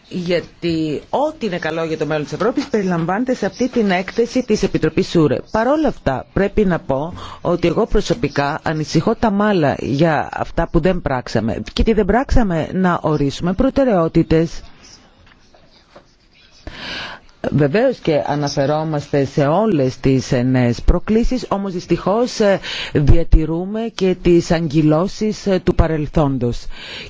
Γιατί ό,τι είναι καλό για το μέλλον της Ευρώπης περιλαμβάνεται σε αυτή την έκθεση της Επιτροπής Σούρε. Παρ' όλα αυτά πρέπει να πω ότι εγώ προσωπικά ανησυχώ τα μάλα για αυτά που δεν πράξαμε. Και τι δεν πράξαμε να ορίσουμε προτεραιότητες Βεβαίως και αναφερόμαστε σε όλες τις νέες προκλήσεις, όμως δυστυχώς ε, διατηρούμε και τις αγκυλώσεις ε, του παρελθόντος.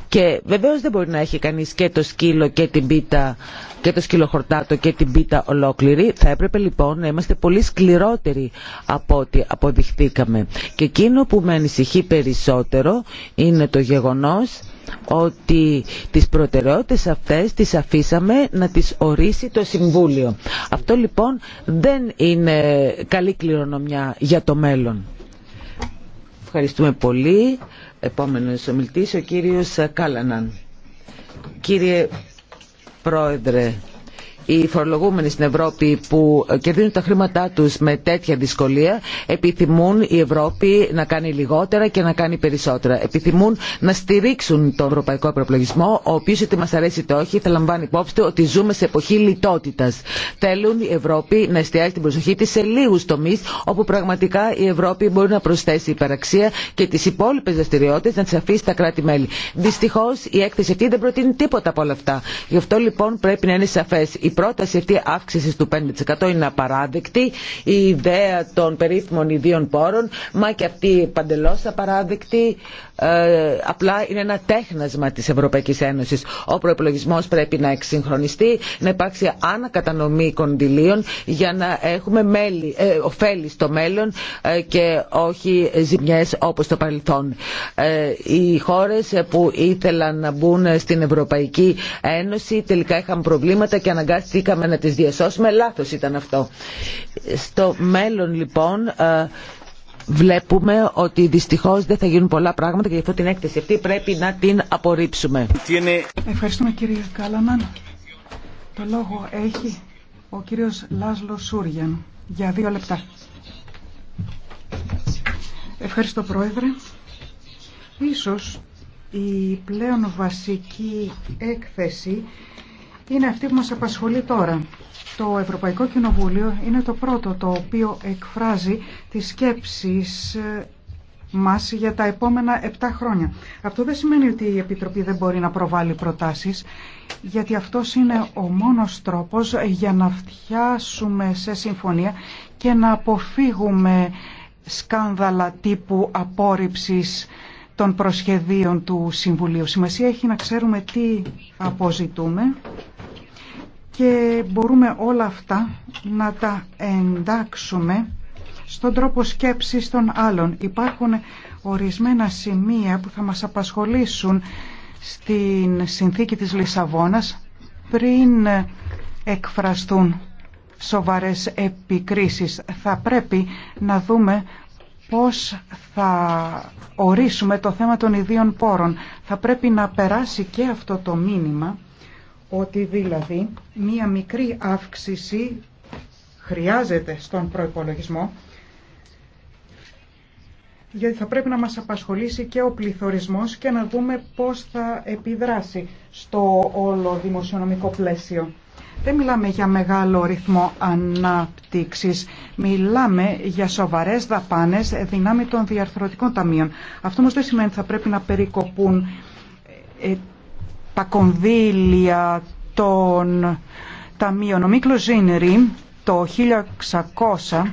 Και βεβαίως δεν μπορεί να έχει κανείς και το σκύλο και την πίτα και το σκυλοχορτάτο και την πίτα ολόκληρη. Θα έπρεπε λοιπόν να είμαστε πολύ σκληρότεροι από ό,τι αποδειχθήκαμε. Και εκείνο που με ανησυχεί περισσότερο είναι το γεγονός ότι τις προτεραιότητες αυτές τις αφήσαμε να τις ορίσει το Συμβούλιο. Αυτό λοιπόν δεν είναι καλή κληρονομιά για το μέλλον. Ευχαριστούμε πολύ. Επόμενος ομιλητής ο κύριος Κάλαναν. Κύριε Πρόεδρε οι φορολογούμενοι στην Ευρώπη που κερδίζουν τα χρήματά τους με τέτοια δυσκολία επιθυμούν η Ευρώπη να κάνει λιγότερα και να κάνει περισσότερα. Επιθυμούν να στηρίξουν το ευρωπαϊκό προπλογισμό, ο οποίος είτε μας αρέσει είτε όχι θα λαμβάνει υπόψη του ότι ζούμε σε εποχή λιτότητας. Θέλουν η Ευρώπη να εστιάζει την προσοχή της σε λίγους τομείς όπου πραγματικά η Ευρώπη μπορεί να προσθέσει υπεραξία και τις υπόλοιπες δραστηριότητες να τις αφήσει στα κράτη-μέλη. Δυστυχώς η έκθεση αυτή δεν προτείνει τίποτα από όλα αυτά. Γι' αυτό λοιπόν πρέπει να είναι σαφές πρόταση αυτή αύξηση του 5% είναι απαράδεκτη. Η ιδέα των περίφημων ιδίων πόρων, μα και αυτή παντελώ απαράδεκτη, ε, απλά είναι ένα τέχνασμα τη Ευρωπαϊκή Ένωση. Ο προπολογισμό πρέπει να εξυγχρονιστεί, να υπάρξει ανακατανομή κονδυλίων για να έχουμε μέλη, ε, ωφέλη στο μέλλον ε, και όχι ζημιέ όπω το παρελθόν. Ε, οι χώρε που ήθελαν να μπουν στην Ευρωπαϊκή Ένωση τελικά είχαν προβλήματα και αναγκάστηκαν προσπαθήκαμε να τις διασώσουμε, λάθος ήταν αυτό. Στο μέλλον λοιπόν ε, βλέπουμε ότι δυστυχώς δεν θα γίνουν πολλά πράγματα και γι' αυτό την έκθεση αυτή πρέπει να την απορρίψουμε. Ευχαριστούμε κύριε Κάλαμαν. Το λόγο έχει ο κύριος Λάσλο Σούριαν για δύο λεπτά. Ευχαριστώ Πρόεδρε. Ίσως η πλέον βασική έκθεση είναι αυτή που μας απασχολεί τώρα. Το Ευρωπαϊκό Κοινοβούλιο είναι το πρώτο το οποίο εκφράζει τις σκέψεις ε, μας για τα επόμενα 7 χρόνια. Αυτό δεν σημαίνει ότι η Επιτροπή δεν μπορεί να προβάλλει προτάσεις, γιατί αυτό είναι ο μόνος τρόπος για να φτιάσουμε σε συμφωνία και να αποφύγουμε σκάνδαλα τύπου απόρριψης των προσχεδίων του Συμβουλίου. Σημασία έχει να ξέρουμε τι αποζητούμε και μπορούμε όλα αυτά να τα εντάξουμε στον τρόπο σκέψης των άλλων. Υπάρχουν ορισμένα σημεία που θα μας απασχολήσουν στην συνθήκη της Λισαβόνας πριν εκφραστούν σοβαρές επικρίσεις. Θα πρέπει να δούμε πώς θα ορίσουμε το θέμα των ιδίων πόρων. Θα πρέπει να περάσει και αυτό το μήνυμα ότι δηλαδή μία μικρή αύξηση χρειάζεται στον προϋπολογισμό γιατί θα πρέπει να μας απασχολήσει και ο πληθωρισμός και να δούμε πώς θα επιδράσει στο όλο δημοσιονομικό πλαίσιο. Δεν μιλάμε για μεγάλο ρυθμό ανάπτυξης. Μιλάμε για σοβαρές δαπάνες δυνάμει των διαρθρωτικών ταμείων. Αυτό όμως δεν σημαίνει ότι θα πρέπει να περικοπούν τα κονδύλια των ταμείων. Ο Μίκλος Ζίνερη το 1600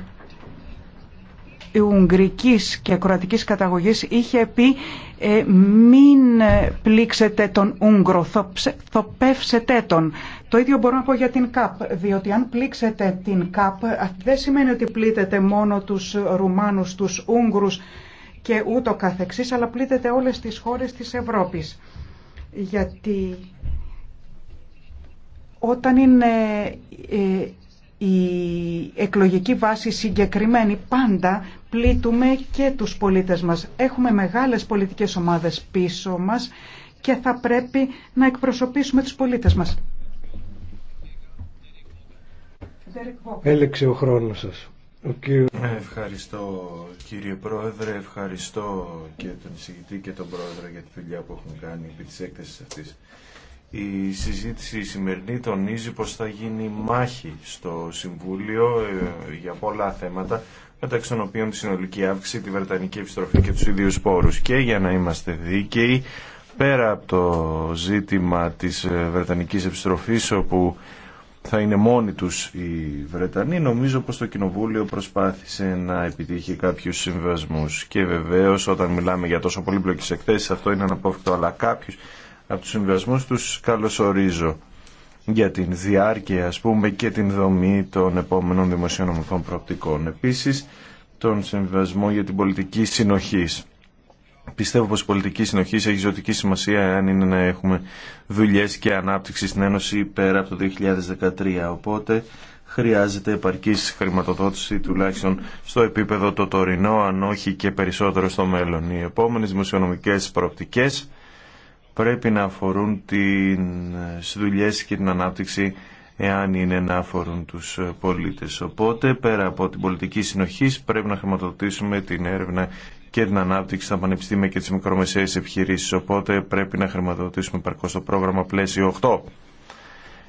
η Ουγγρικής και Κροατικής καταγωγής είχε πει ε, μην πλήξετε τον Ούγγρο, θοπεύσετε τον. Το ίδιο μπορώ να πω για την ΚΑΠ, διότι αν πλήξετε την ΚΑΠ δεν σημαίνει ότι πλήττετε μόνο τους Ρουμάνους, τους Ούγγρους και ούτω καθεξής, αλλά πλήττετε όλες τις χώρες της Ευρώπης γιατί όταν είναι ε, η εκλογική βάση συγκεκριμένη πάντα πλήττουμε και τους πολίτες μας. Έχουμε μεγάλες πολιτικές ομάδες πίσω μας και θα πρέπει να εκπροσωπήσουμε τους πολίτες μας. Έλεξε ο χρόνος σας. Ε, ευχαριστώ κύριε Πρόεδρε, ευχαριστώ και τον εισηγητή και τον Πρόεδρο για τη δουλειά που έχουν κάνει επί της έκθεσης αυτής. Η συζήτηση σημερινή τονίζει πως θα γίνει μάχη στο Συμβούλιο ε, για πολλά θέματα, μεταξύ των οποίων τη συνολική αύξηση, τη Βρετανική επιστροφή και τους ίδιους πόρους. Και για να είμαστε δίκαιοι, πέρα από το ζήτημα της ε, Βρετανικής επιστροφής, όπου θα είναι μόνοι τους οι Βρετανοί. Νομίζω πως το Κοινοβούλιο προσπάθησε να επιτύχει κάποιους συμβασμούς και βεβαίως όταν μιλάμε για τόσο πολύπλοκες εκθέσεις αυτό είναι αναπόφευκτο αλλά κάποιους από τους συμβασμούς τους καλωσορίζω για την διάρκεια ας πούμε και την δομή των επόμενων δημοσιονομικών προοπτικών. Επίσης τον συμβιβασμό για την πολιτική συνοχής Πιστεύω πως η πολιτική συνοχή έχει ζωτική σημασία αν είναι να έχουμε δουλειές και ανάπτυξη στην Ένωση πέρα από το 2013. Οπότε χρειάζεται επαρκής χρηματοδότηση τουλάχιστον στο επίπεδο το τωρινό αν όχι και περισσότερο στο μέλλον. Οι επόμενες δημοσιονομικές προοπτικές πρέπει να αφορούν τι δουλειές και την ανάπτυξη εάν είναι να αφορούν τους πολίτες. Οπότε, πέρα από την πολιτική συνοχή, πρέπει να χρηματοδοτήσουμε την έρευνα και την ανάπτυξη στα πανεπιστήμια και τι μικρομεσαίε επιχειρήσει. οπότε πρέπει να χρηματοδοτήσουμε παρκώ το πρόγραμμα πλαίσιο 8.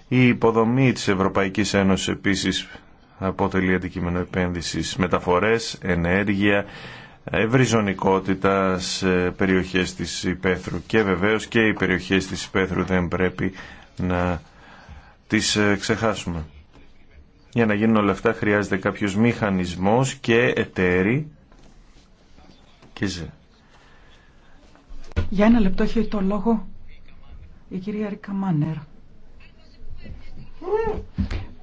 Η υποδομή τη Ευρωπαϊκή Ένωση επίση αποτελεί αντικείμενο επένδυση. Μεταφορέ, ενέργεια, ευρυζωνικότητα σε περιοχέ τη υπαίθρου και βεβαίω και οι περιοχέ τη υπαίθρου δεν πρέπει να τι ε, ξεχάσουμε. Για να γίνουν όλα αυτά χρειάζεται κάποιος μηχανισμός και εταίροι για ένα λεπτό έχει το λόγο η κυρία Ρίκα Μάνερ.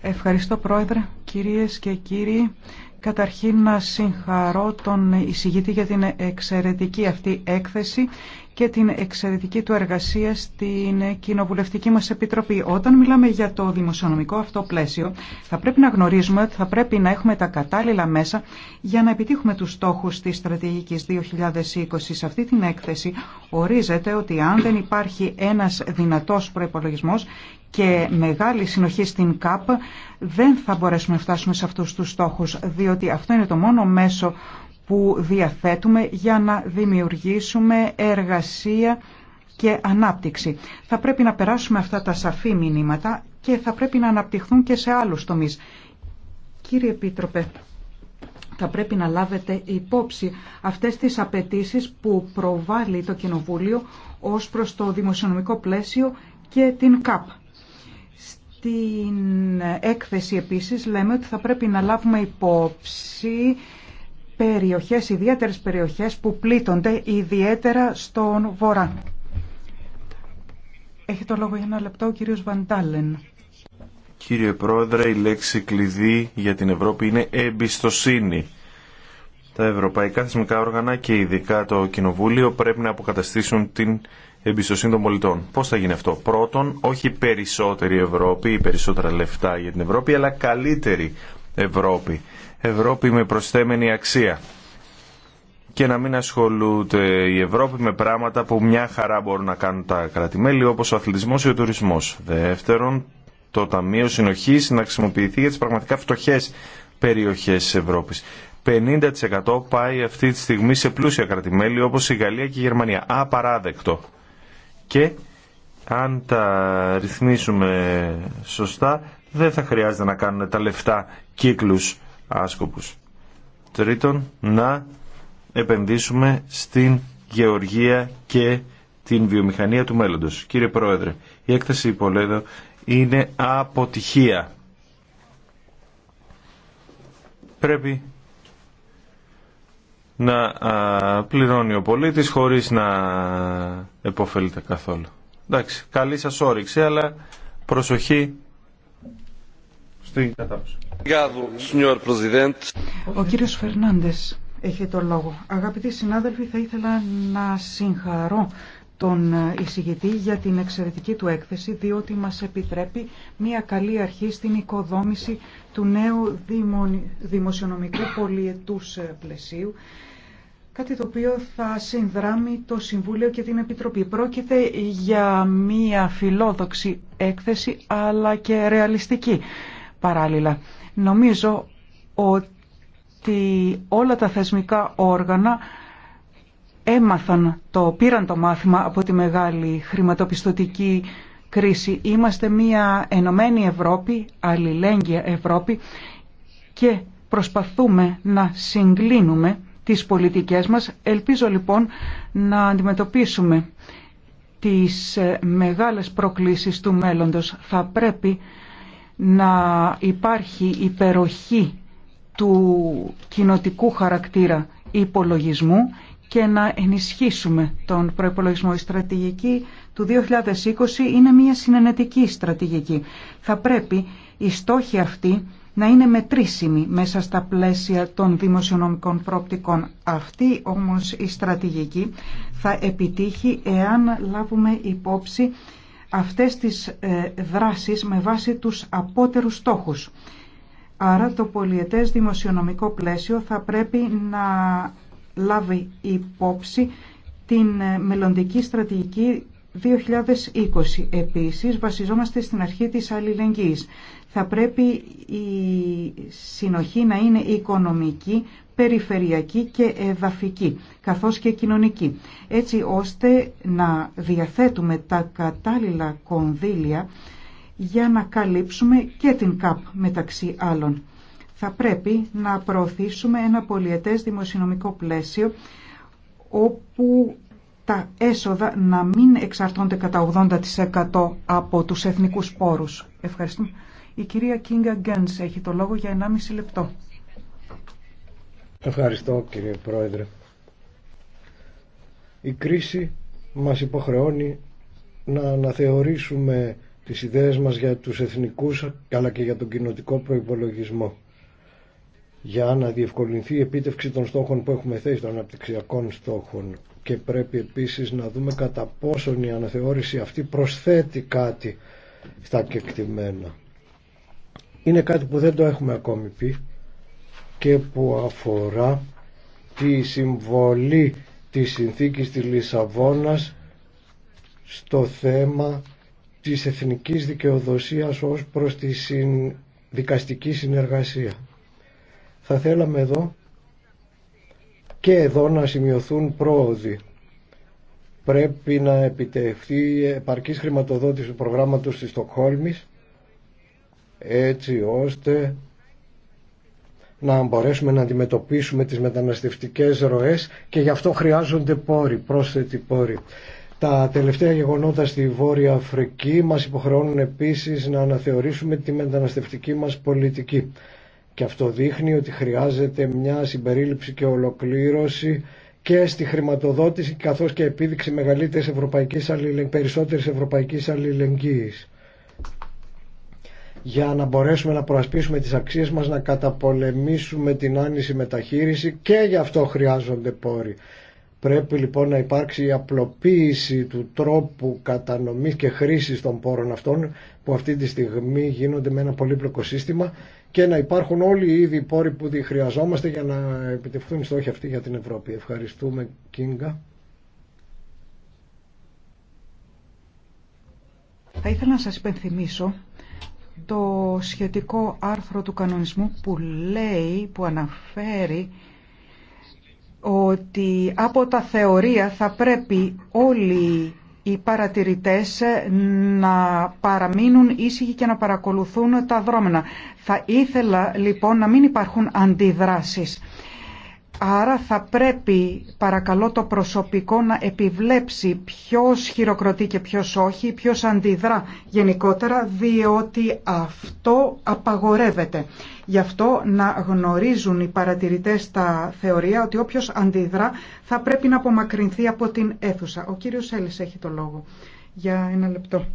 Ευχαριστώ πρόεδρε, κυρίες και κύριοι. Καταρχήν να συγχαρώ τον εισηγητή για την εξαιρετική αυτή έκθεση και την εξαιρετική του εργασία στην Κοινοβουλευτική μας Επιτροπή. Όταν μιλάμε για το δημοσιονομικό αυτό πλαίσιο, θα πρέπει να γνωρίζουμε ότι θα πρέπει να έχουμε τα κατάλληλα μέσα για να επιτύχουμε τους στόχους της στρατηγικής 2020. Σε αυτή την έκθεση ορίζεται ότι αν δεν υπάρχει ένας δυνατός προϋπολογισμός και μεγάλη συνοχή στην ΚΑΠ, δεν θα μπορέσουμε να φτάσουμε σε αυτούς τους στόχους, διότι αυτό είναι το μόνο μέσο που διαθέτουμε για να δημιουργήσουμε εργασία και ανάπτυξη. Θα πρέπει να περάσουμε αυτά τα σαφή μηνύματα και θα πρέπει να αναπτυχθούν και σε άλλους τομείς. Κύριε Επίτροπε, θα πρέπει να λάβετε υπόψη αυτές τις απαιτήσει που προβάλλει το Κοινοβούλιο ως προς το δημοσιονομικό πλαίσιο και την ΚΑΠ. Στην έκθεση επίσης λέμε ότι θα πρέπει να λάβουμε υπόψη περιοχές, ιδιαίτερες περιοχές που πλήττονται ιδιαίτερα στον Βορρά. Έχει το λόγο για ένα λεπτό ο κύριος Βαντάλεν. Κύριε Πρόεδρε, η λέξη κλειδί για την Ευρώπη είναι εμπιστοσύνη. Τα ευρωπαϊκά θεσμικά όργανα και ειδικά το Κοινοβούλιο πρέπει να αποκαταστήσουν την εμπιστοσύνη των πολιτών. Πώ θα γίνει αυτό, Πρώτον, όχι περισσότερη Ευρώπη ή περισσότερα λεφτά για την Ευρώπη, αλλά καλύτερη Ευρώπη. Ευρώπη με προσθέμενη αξία και να μην ασχολούνται η Ευρώπη με πράγματα που μια χαρά μπορούν να κάνουν τα κρατημέλη όπως ο αθλητισμός ή ο τουρισμός. Δεύτερον, το Ταμείο Συνοχής να χρησιμοποιηθεί για τις πραγματικά φτωχές περιοχές της Ευρώπης. 50% πάει αυτή τη στιγμή σε πλούσια κρατημέλη όπως η Γαλλία και η Γερμανία. Απαράδεκτο. Και αν τα ρυθμίσουμε σωστά δεν θα χρειάζεται να κάνουν τα λεφτά κύκλους άσκοπους. Τρίτον, να επενδύσουμε στην γεωργία και την βιομηχανία του μέλλοντος. Κύριε Πρόεδρε, η έκθεση υπολέδω είναι αποτυχία. Πρέπει να πληρώνει ο πολίτης χωρίς να επωφελείται καθόλου. Εντάξει, καλή σας όρεξη, αλλά προσοχή στην κατάσταση. Ο κύριος Φερνάντες έχει το λόγο. Αγαπητοί συνάδελφοι, θα ήθελα να συγχαρώ τον εισηγητή για την εξαιρετική του έκθεση, διότι μας επιτρέπει μια καλή αρχή στην οικοδόμηση του νέου δημοσιονομικού πολιετούς πλαισίου, κάτι το οποίο θα συνδράμει το Συμβούλιο και την Επιτροπή. Πρόκειται για μια φιλόδοξη έκθεση, αλλά και ρεαλιστική παράλληλα. Νομίζω ότι όλα τα θεσμικά όργανα έμαθαν το, πήραν το μάθημα από τη μεγάλη χρηματοπιστωτική κρίση. Είμαστε μια ενωμένη Ευρώπη, αλληλέγγυα Ευρώπη και προσπαθούμε να συγκλίνουμε τις πολιτικές μας. Ελπίζω λοιπόν να αντιμετωπίσουμε τις ε, μεγάλες προκλήσεις του μέλλοντος. Θα πρέπει να υπάρχει υπεροχή του κοινοτικού χαρακτήρα υπολογισμού και να ενισχύσουμε τον προϋπολογισμό. Η στρατηγική του 2020 είναι μια συνενετική στρατηγική. Θα πρέπει η στόχη αυτή να είναι μετρήσιμη μέσα στα πλαίσια των δημοσιονομικών πρόπτικων. Αυτή όμως η στρατηγική θα επιτύχει εάν λάβουμε υπόψη αυτές τις ε, δράσεις με βάση τους απότερους στόχους. Άρα το πολιετές δημοσιονομικό πλαίσιο θα πρέπει να λάβει υπόψη την ε, μελλοντική στρατηγική 2020. Επίσης, βασιζόμαστε στην αρχή της αλληλεγγύης. Θα πρέπει η συνοχή να είναι οικονομική, περιφερειακή και εδαφική, καθώς και κοινωνική, έτσι ώστε να διαθέτουμε τα κατάλληλα κονδύλια για να καλύψουμε και την ΚΑΠ μεταξύ άλλων. Θα πρέπει να προωθήσουμε ένα πολιετές δημοσιονομικό πλαίσιο όπου τα έσοδα να μην εξαρτώνται κατά 80% από τους εθνικούς πόρους. Ευχαριστούμε. Η κυρία Κίνγκα Γκένς έχει το λόγο για 1,5 λεπτό. Ευχαριστώ κύριε Πρόεδρε. Η κρίση μας υποχρεώνει να αναθεωρήσουμε τις ιδέες μας για τους εθνικούς αλλά και για τον κοινοτικό προϋπολογισμό για να διευκολυνθεί η επίτευξη των στόχων που έχουμε θέσει των αναπτυξιακών στόχων και πρέπει επίσης να δούμε κατά πόσον η αναθεώρηση αυτή προσθέτει κάτι στα κεκτημένα. Είναι κάτι που δεν το έχουμε ακόμη πει και που αφορά τη συμβολή της συνθήκης της Λισαβόνας στο θέμα της εθνικής δικαιοδοσίας ως προς τη δικαστική συνεργασία. Θα θέλαμε εδώ και εδώ να σημειωθούν πρόοδοι. Πρέπει να επιτευχθεί επαρκής χρηματοδότηση του προγράμματος της Στοκχόλμης έτσι ώστε να μπορέσουμε να αντιμετωπίσουμε τις μεταναστευτικές ροές και γι' αυτό χρειάζονται πόροι, πρόσθετοι πόροι. Τα τελευταία γεγονότα στη Βόρεια Αφρική μας υποχρεώνουν επίσης να αναθεωρήσουμε τη μεταναστευτική μας πολιτική. Και αυτό δείχνει ότι χρειάζεται μια συμπερίληψη και ολοκλήρωση και στη χρηματοδότηση καθώς και επίδειξη μεγαλύτερης ευρωπαϊκής αλληλεγγύης, περισσότερης ευρωπαϊκής αλληλεγγύης για να μπορέσουμε να προασπίσουμε τις αξίες μας, να καταπολεμήσουμε την άνηση μεταχείριση και γι' αυτό χρειάζονται πόροι. Πρέπει λοιπόν να υπάρξει η απλοποίηση του τρόπου κατανομής και χρήσης των πόρων αυτών που αυτή τη στιγμή γίνονται με ένα πολύπλοκο σύστημα και να υπάρχουν όλοι οι ίδιοι πόροι που χρειαζόμαστε για να επιτευχθούν οι στόχοι αυτοί για την Ευρώπη. Ευχαριστούμε Κίνγκα. Θα ήθελα να σας υπενθυμίσω το σχετικό άρθρο του κανονισμού που λέει, που αναφέρει ότι από τα θεωρία θα πρέπει όλοι οι παρατηρητές να παραμείνουν ήσυχοι και να παρακολουθούν τα δρόμενα. Θα ήθελα λοιπόν να μην υπάρχουν αντιδράσεις Άρα θα πρέπει παρακαλώ το προσωπικό να επιβλέψει ποιος χειροκροτεί και ποιος όχι, ποιος αντιδρά γενικότερα, διότι αυτό απαγορεύεται. Γι' αυτό να γνωρίζουν οι παρατηρητές τα θεωρία ότι όποιος αντιδρά θα πρέπει να απομακρυνθεί από την αίθουσα. Ο κύριος Έλλης έχει το λόγο. Για ένα λεπτό.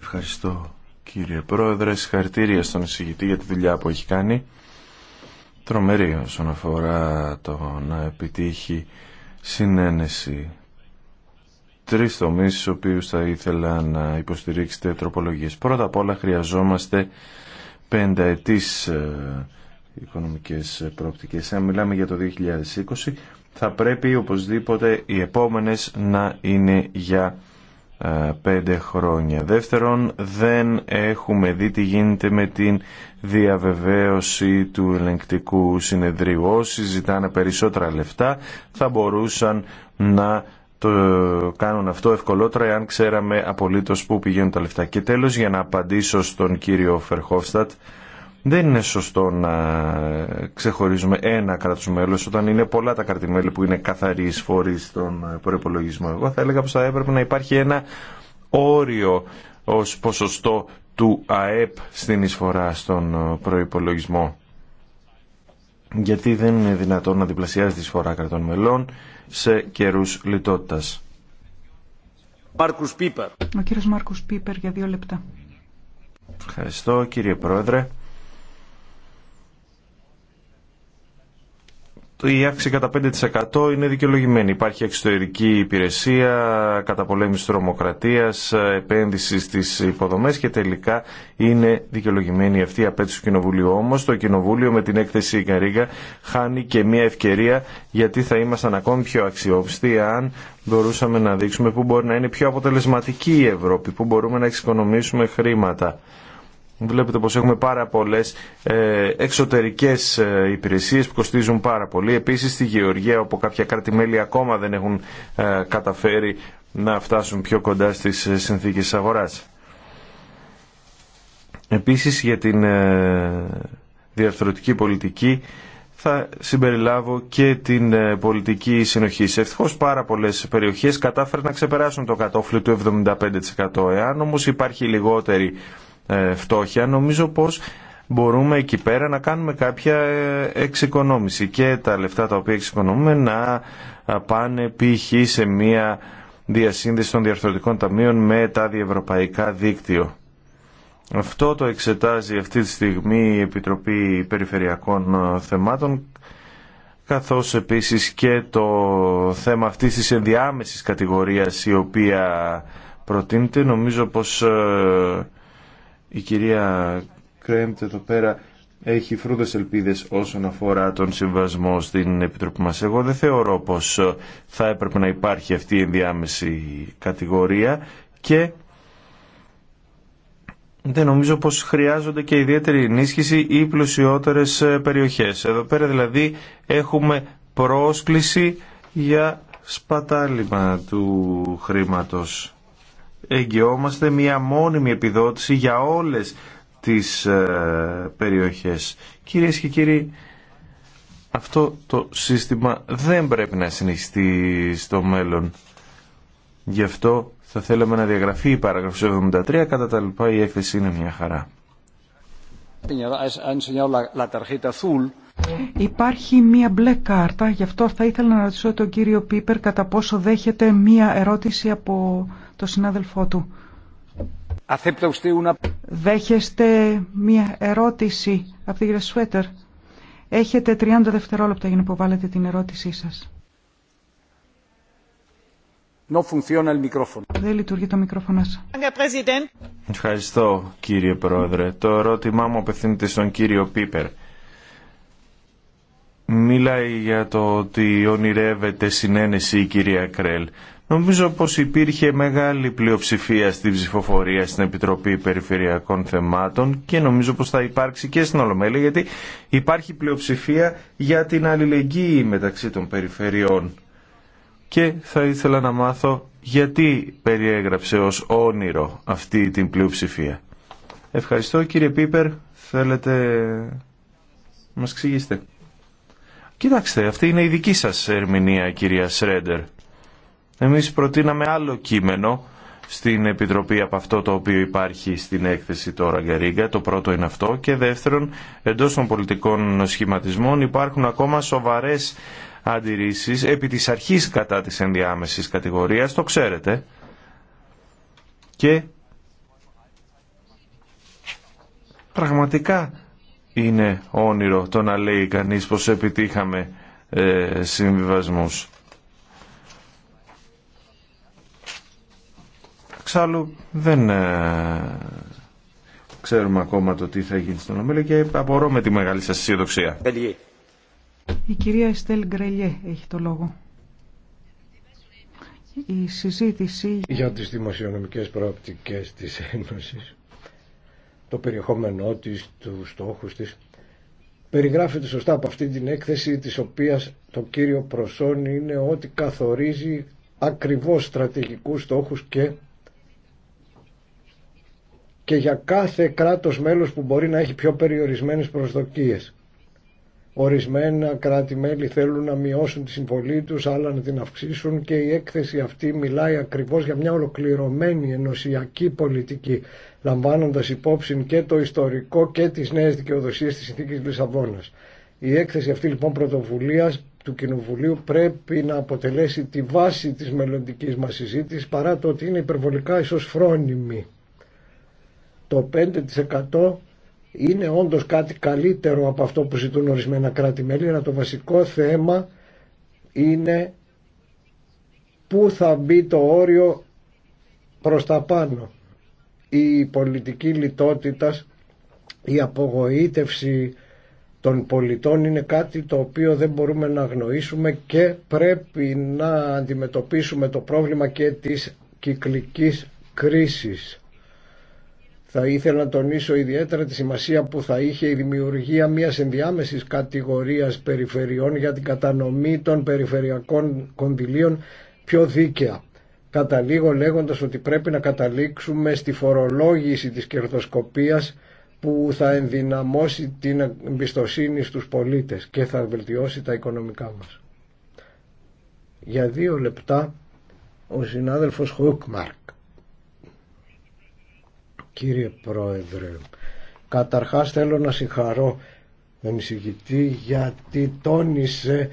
Ευχαριστώ κύριε Πρόεδρε. Συγχαρητήρια στον εισηγητή για τη δουλειά που έχει κάνει τρομερή όσον αφορά το να επιτύχει συνένεση τρεις τομείς στους οποίους θα ήθελα να υποστηρίξετε τροπολογίες. Πρώτα απ' όλα χρειαζόμαστε πενταετής ε, οικονομικές προοπτικές. Αν μιλάμε για το 2020 θα πρέπει οπωσδήποτε οι επόμενες να είναι για πέντε χρόνια. Δεύτερον, δεν έχουμε δει τι γίνεται με την διαβεβαίωση του ελεγκτικού συνεδρίου. Όσοι ζητάνε περισσότερα λεφτά θα μπορούσαν να το κάνουν αυτό ευκολότερα εάν ξέραμε απολύτως πού πηγαίνουν τα λεφτά. Και τέλος, για να απαντήσω στον κύριο Φερχόφστατ, δεν είναι σωστό να ξεχωρίζουμε ένα κράτο μέλο όταν είναι πολλά τα κρατημέλη που είναι καθαροί εισφορεί στον προπολογισμό. Εγώ θα έλεγα πω θα έπρεπε να υπάρχει ένα όριο ως ποσοστό του ΑΕΠ στην εισφορά στον προπολογισμό. Γιατί δεν είναι δυνατόν να διπλασιάζει τη εισφορά κρατών μελών σε καιρού λιτότητα. Ο κύριος Πίπερ για δύο λεπτά. Ευχαριστώ κύριε Πρόεδρε. η αύξηση κατά 5% είναι δικαιολογημένη. Υπάρχει εξωτερική υπηρεσία, καταπολέμηση τρομοκρατίας, επένδυση στι υποδομέ και τελικά είναι δικαιολογημένη αυτή η απέτηση του Κοινοβουλίου. όμω το Κοινοβούλιο με την έκθεση Καρίγα χάνει και μια ευκαιρία γιατί θα ήμασταν ακόμη πιο αξιόπιστοι αν μπορούσαμε να δείξουμε πού μπορεί να είναι πιο αποτελεσματική η Ευρώπη, πού μπορούμε να εξοικονομήσουμε χρήματα. Βλέπετε πως έχουμε πάρα πολλές ε, εξωτερικές ε, υπηρεσίες που κοστίζουν πάρα πολύ. Επίσης στη Γεωργία όπου κάποια κράτη-μέλη ακόμα δεν έχουν ε, καταφέρει να φτάσουν πιο κοντά στις συνθήκες αγοράς. Επίσης για την διαρθρωτική πολιτική θα συμπεριλάβω και την πολιτική συνοχή. Ευτυχώ πάρα πολλέ περιοχέ κατάφεραν να ξεπεράσουν το κατόφλι του 75%. Εάν όμω υπάρχει λιγότερη ε, φτώχεια, νομίζω πως μπορούμε εκεί πέρα να κάνουμε κάποια ε, εξοικονόμηση και τα λεφτά τα οποία εξοικονομούμε να πάνε π.χ. σε μια διασύνδεση των διαρθρωτικών ταμείων με τα διευρωπαϊκά δίκτυο. Αυτό το εξετάζει αυτή τη στιγμή η Επιτροπή Περιφερειακών ε, Θεμάτων καθώς επίσης και το θέμα αυτής της ενδιάμεσης κατηγορίας η οποία προτείνεται νομίζω πως η κυρία Κρέμπτ εδώ πέρα έχει φρούδες ελπίδες όσον αφορά τον συμβασμό στην Επιτροπή μας. Εγώ δεν θεωρώ πως θα έπρεπε να υπάρχει αυτή η ενδιάμεση κατηγορία και δεν νομίζω πως χρειάζονται και ιδιαίτερη ενίσχυση ή πλουσιότερες περιοχές. Εδώ πέρα δηλαδή έχουμε πρόσκληση για σπατάλημα του χρήματος εγγυόμαστε μια μόνιμη επιδότηση για όλες τις ε, περιοχές. Κυρίες και κύριοι, αυτό το σύστημα δεν πρέπει να συνεχιστεί στο μέλλον. Γι' αυτό θα θέλαμε να διαγραφεί η παραγραφη 73, κατά τα λοιπά η έκθεση είναι μια χαρά. Υπάρχει μία μπλε κάρτα, γι' αυτό θα ήθελα να ρωτήσω τον κύριο Πίπερ κατά πόσο δέχεται μία ερώτηση από το συνάδελφό του. Δέχεστε μία ερώτηση από την κυρία Σουέτερ. Έχετε 30 δευτερόλεπτα για να υποβάλλετε την ερώτησή σας. Δεν λειτουργεί το μικρόφωνο σας. Ευχαριστώ κύριε Πρόεδρε. Το ερώτημά μου απευθύνεται στον κύριο Πίπερ. Μιλάει για το ότι ονειρεύεται συνένεση η κυρία Κρέλ. Νομίζω πως υπήρχε μεγάλη πλειοψηφία στη ψηφοφορία στην Επιτροπή Περιφερειακών Θεμάτων και νομίζω πως θα υπάρξει και στην Ολομέλη γιατί υπάρχει πλειοψηφία για την αλληλεγγύη μεταξύ των περιφερειών. Και θα ήθελα να μάθω γιατί περιέγραψε ως όνειρο αυτή την πλειοψηφία. Ευχαριστώ κύριε Πίπερ. Θέλετε να μας εξηγήσετε. Κοιτάξτε, αυτή είναι η δική σας ερμηνεία, κυρία Σρέντερ. Εμείς προτείναμε άλλο κείμενο στην Επιτροπή από αυτό το οποίο υπάρχει στην έκθεση τώρα Γκαρίγκα. Το πρώτο είναι αυτό. Και δεύτερον, εντός των πολιτικών σχηματισμών υπάρχουν ακόμα σοβαρές αντιρρήσεις επί της αρχής κατά της ενδιάμεσης κατηγορίας, το ξέρετε. Και πραγματικά είναι όνειρο το να λέει κανείς πως επιτύχαμε ε, συμβιβασμούς. Εξάλλου δεν ε, ξέρουμε ακόμα το τι θα γίνει στον Ομίλιο και απορώ με τη μεγάλη σας αισιοδοξία. Η κυρία Εστέλ Γκρελιέ έχει το λόγο. Η συζήτηση για τις δημοσιονομικές προοπτικές της Ένωσης το περιεχόμενό της, του στόχου της, περιγράφεται σωστά από αυτή την έκθεση της οποίας το κύριο προσόν είναι ότι καθορίζει ακριβώς στρατηγικούς στόχους και και για κάθε κράτος μέλος που μπορεί να έχει πιο περιορισμένες προσδοκίες. Ορισμένα κράτη-μέλη θέλουν να μειώσουν τη συμβολή τους, άλλα να την αυξήσουν και η έκθεση αυτή μιλάει ακριβώς για μια ολοκληρωμένη ενωσιακή πολιτική, λαμβάνοντας υπόψη και το ιστορικό και τις νέες δικαιοδοσίες της Συνθήκης Λισαβόνας. Η έκθεση αυτή λοιπόν πρωτοβουλία του Κοινοβουλίου πρέπει να αποτελέσει τη βάση της μελλοντική μας συζήτησης παρά το ότι είναι υπερβολικά ίσως φρόνιμη. Το 5% είναι όντως κάτι καλύτερο από αυτό που ζητούν ορισμένα κράτη-μέλη, αλλά το βασικό θέμα είναι πού θα μπει το όριο προς τα πάνω. Η πολιτική λιτότητα, η απογοήτευση των πολιτών είναι κάτι το οποίο δεν μπορούμε να αγνοήσουμε και πρέπει να αντιμετωπίσουμε το πρόβλημα και της κυκλικής κρίσης. Θα ήθελα να τονίσω ιδιαίτερα τη σημασία που θα είχε η δημιουργία μιας ενδιάμεσης κατηγορίας περιφερειών για την κατανομή των περιφερειακών κονδυλίων πιο δίκαια. Καταλήγω λέγοντας ότι πρέπει να καταλήξουμε στη φορολόγηση της κερδοσκοπίας που θα ενδυναμώσει την εμπιστοσύνη στους πολίτες και θα βελτιώσει τα οικονομικά μας. Για δύο λεπτά ο συνάδελφος Χούκμαρκ κύριε Πρόεδρε. Καταρχάς θέλω να συγχαρώ τον εισηγητή γιατί τόνισε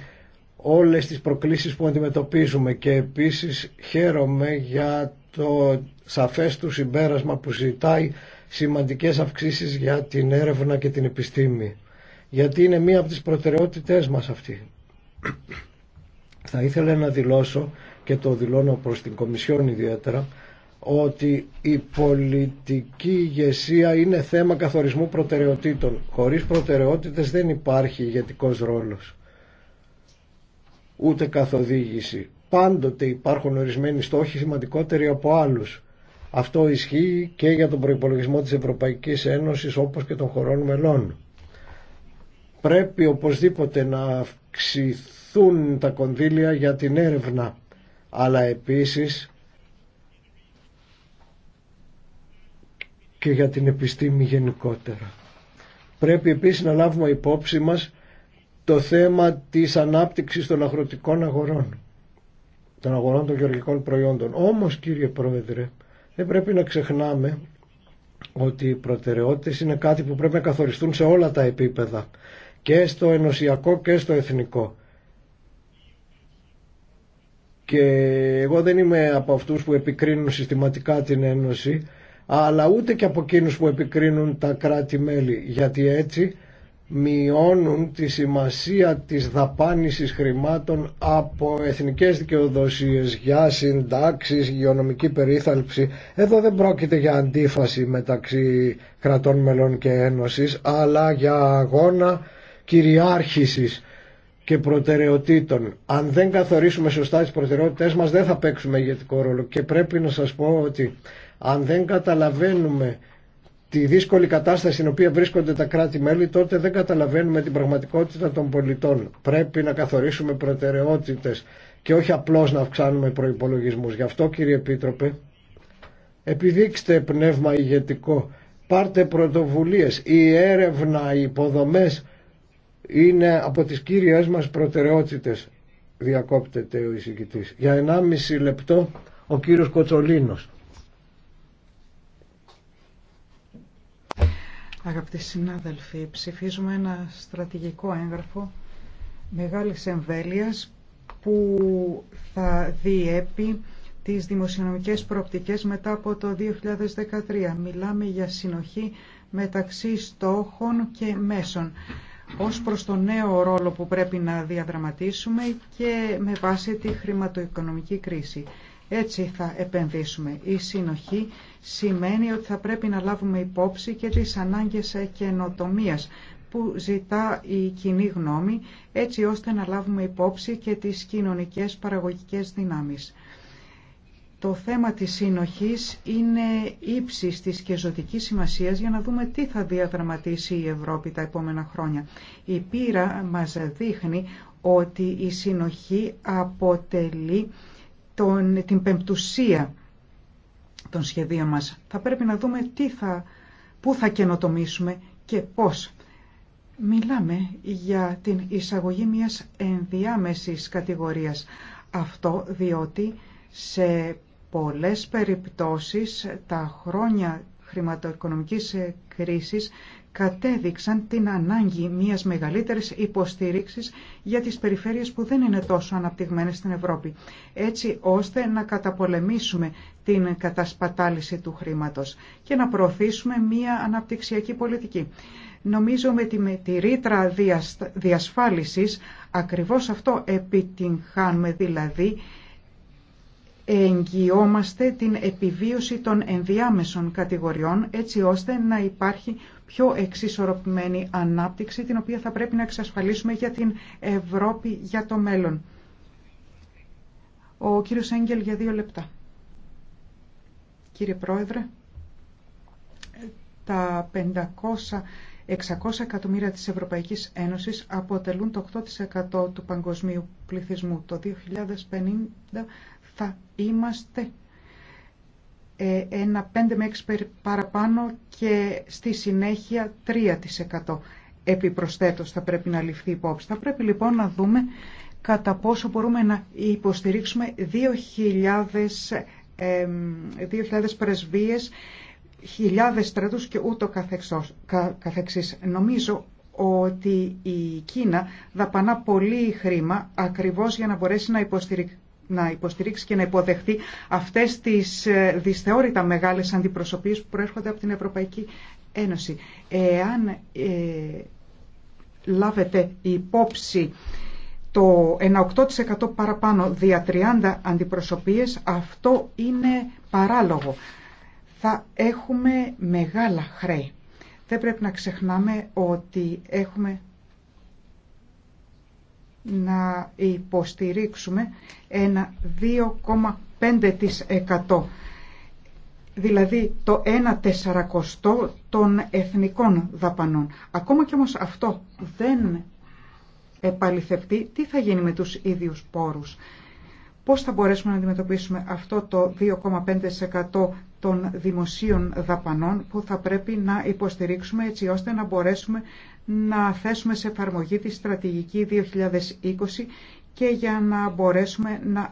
όλες τις προκλήσεις που αντιμετωπίζουμε και επίσης χαίρομαι για το σαφές του συμπέρασμα που ζητάει σημαντικές αυξήσεις για την έρευνα και την επιστήμη γιατί είναι μία από τις προτεραιότητές μας αυτή. Θα ήθελα να δηλώσω και το δηλώνω προς την Κομισιόν ιδιαίτερα ότι η πολιτική ηγεσία είναι θέμα καθορισμού προτεραιοτήτων. Χωρίς προτεραιότητες δεν υπάρχει ηγετικός ρόλος, ούτε καθοδήγηση. Πάντοτε υπάρχουν ορισμένοι στόχοι σημαντικότεροι από άλλους. Αυτό ισχύει και για τον προϋπολογισμό της Ευρωπαϊκής Ένωσης όπως και των χωρών μελών. Πρέπει οπωσδήποτε να αυξηθούν τα κονδύλια για την έρευνα, αλλά επίσης και για την επιστήμη γενικότερα. Πρέπει επίσης να λάβουμε υπόψη μας το θέμα της ανάπτυξης των αγροτικών αγορών, των αγορών των γεωργικών προϊόντων. Όμως κύριε Πρόεδρε, δεν πρέπει να ξεχνάμε ότι οι προτεραιότητες είναι κάτι που πρέπει να καθοριστούν σε όλα τα επίπεδα, και στο ενωσιακό και στο εθνικό. Και εγώ δεν είμαι από αυτούς που επικρίνουν συστηματικά την Ένωση, αλλά ούτε και από εκείνους που επικρίνουν τα κράτη-μέλη, γιατί έτσι μειώνουν τη σημασία της δαπάνησης χρημάτων από εθνικές δικαιοδοσίες για συντάξεις, υγειονομική περίθαλψη. Εδώ δεν πρόκειται για αντίφαση μεταξύ κρατών μελών και ένωσης, αλλά για αγώνα κυριάρχησης και προτεραιοτήτων. Αν δεν καθορίσουμε σωστά τις προτεραιότητες μας δεν θα παίξουμε ηγετικό ρόλο και πρέπει να σας πω ότι αν δεν καταλαβαίνουμε τη δύσκολη κατάσταση στην οποία βρίσκονται τα κράτη-μέλη, τότε δεν καταλαβαίνουμε την πραγματικότητα των πολιτών. Πρέπει να καθορίσουμε προτεραιότητες και όχι απλώς να αυξάνουμε προϋπολογισμούς. Γι' αυτό κύριε Επίτροπε, επιδείξτε πνεύμα ηγετικό, πάρτε πρωτοβουλίες, η έρευνα, οι υποδομές είναι από τις κύριες μας προτεραιότητες, διακόπτεται ο εισηγητής. Για 1,5 λεπτό ο κύριος Κοτσολίνος. Αγαπητοί συνάδελφοι, ψηφίζουμε ένα στρατηγικό έγγραφο μεγάλης εμβέλειας που θα διέπει τις δημοσιονομικές προοπτικές μετά από το 2013. Μιλάμε για συνοχή μεταξύ στόχων και μέσων ως προς το νέο ρόλο που πρέπει να διαδραματίσουμε και με βάση τη χρηματοοικονομική κρίση. Έτσι θα επενδύσουμε. Η συνοχή σημαίνει ότι θα πρέπει να λάβουμε υπόψη και τις ανάγκες καινοτομία που ζητά η κοινή γνώμη έτσι ώστε να λάβουμε υπόψη και τις κοινωνικές παραγωγικές δυνάμεις. Το θέμα της συνοχής είναι ύψης της και ζωτικής σημασίας για να δούμε τι θα διαδραματίσει η Ευρώπη τα επόμενα χρόνια. Η πείρα μας δείχνει ότι η συνοχή αποτελεί τον, την πεμπτουσία των σχεδίων μας. Θα πρέπει να δούμε τι θα, πού θα καινοτομήσουμε και πώς. Μιλάμε για την εισαγωγή μιας ενδιάμεσης κατηγορίας. Αυτό διότι σε πολλές περιπτώσεις τα χρόνια χρηματοοικονομικής κρίσης κατέδειξαν την ανάγκη μιας μεγαλύτερης υποστήριξης για τις περιφέρειες που δεν είναι τόσο αναπτυγμένες στην Ευρώπη, έτσι ώστε να καταπολεμήσουμε την κατασπατάληση του χρήματος και να προωθήσουμε μια αναπτυξιακή πολιτική. Νομίζω με τη, με ρήτρα διασφάλισης ακριβώς αυτό επιτυγχάνουμε, δηλαδή εγγυόμαστε την επιβίωση των ενδιάμεσων κατηγοριών έτσι ώστε να υπάρχει πιο εξισορροπημένη ανάπτυξη την οποία θα πρέπει να εξασφαλίσουμε για την Ευρώπη για το μέλλον. Ο κύριος Έγγελ για δύο λεπτά. Κύριε Πρόεδρε, τα 500 600 εκατομμύρια της Ευρωπαϊκής Ένωσης αποτελούν το 8% του παγκοσμίου πληθυσμού. Το 2050 θα είμαστε ε, ένα 5 με 6 παραπάνω και στη συνέχεια 3% επιπροσθέτως θα πρέπει να ληφθεί υπόψη. Θα πρέπει λοιπόν να δούμε κατά πόσο μπορούμε να υποστηρίξουμε 2.000, 2.000 πρεσβείες, χιλιάδες στρατούς και ούτω καθεξός, καθεξής. Νομίζω ότι η Κίνα δαπανά πολύ χρήμα ακριβώς για να μπορέσει να υποστηρίξει να υποστηρίξει και να υποδεχθεί αυτές τις ε, δυσθεώρητα μεγάλες αντιπροσωπείες που προέρχονται από την Ευρωπαϊκή Ένωση. Εάν ε, λάβετε υπόψη το 1,8% παραπάνω δια 30 αντιπροσωπείες, αυτό είναι παράλογο. Θα έχουμε μεγάλα χρέη. Δεν πρέπει να ξεχνάμε ότι έχουμε να υποστηρίξουμε ένα 2,5% δηλαδή το 1,4% των εθνικών δαπανών. Ακόμα και όμως αυτό δεν επαληθευτεί, τι θα γίνει με τους ίδιους πόρους. Πώς θα μπορέσουμε να αντιμετωπίσουμε αυτό το 2,5% των δημοσίων δαπανών που θα πρέπει να υποστηρίξουμε έτσι ώστε να μπορέσουμε να θέσουμε σε εφαρμογή τη στρατηγική 2020 και για να μπορέσουμε να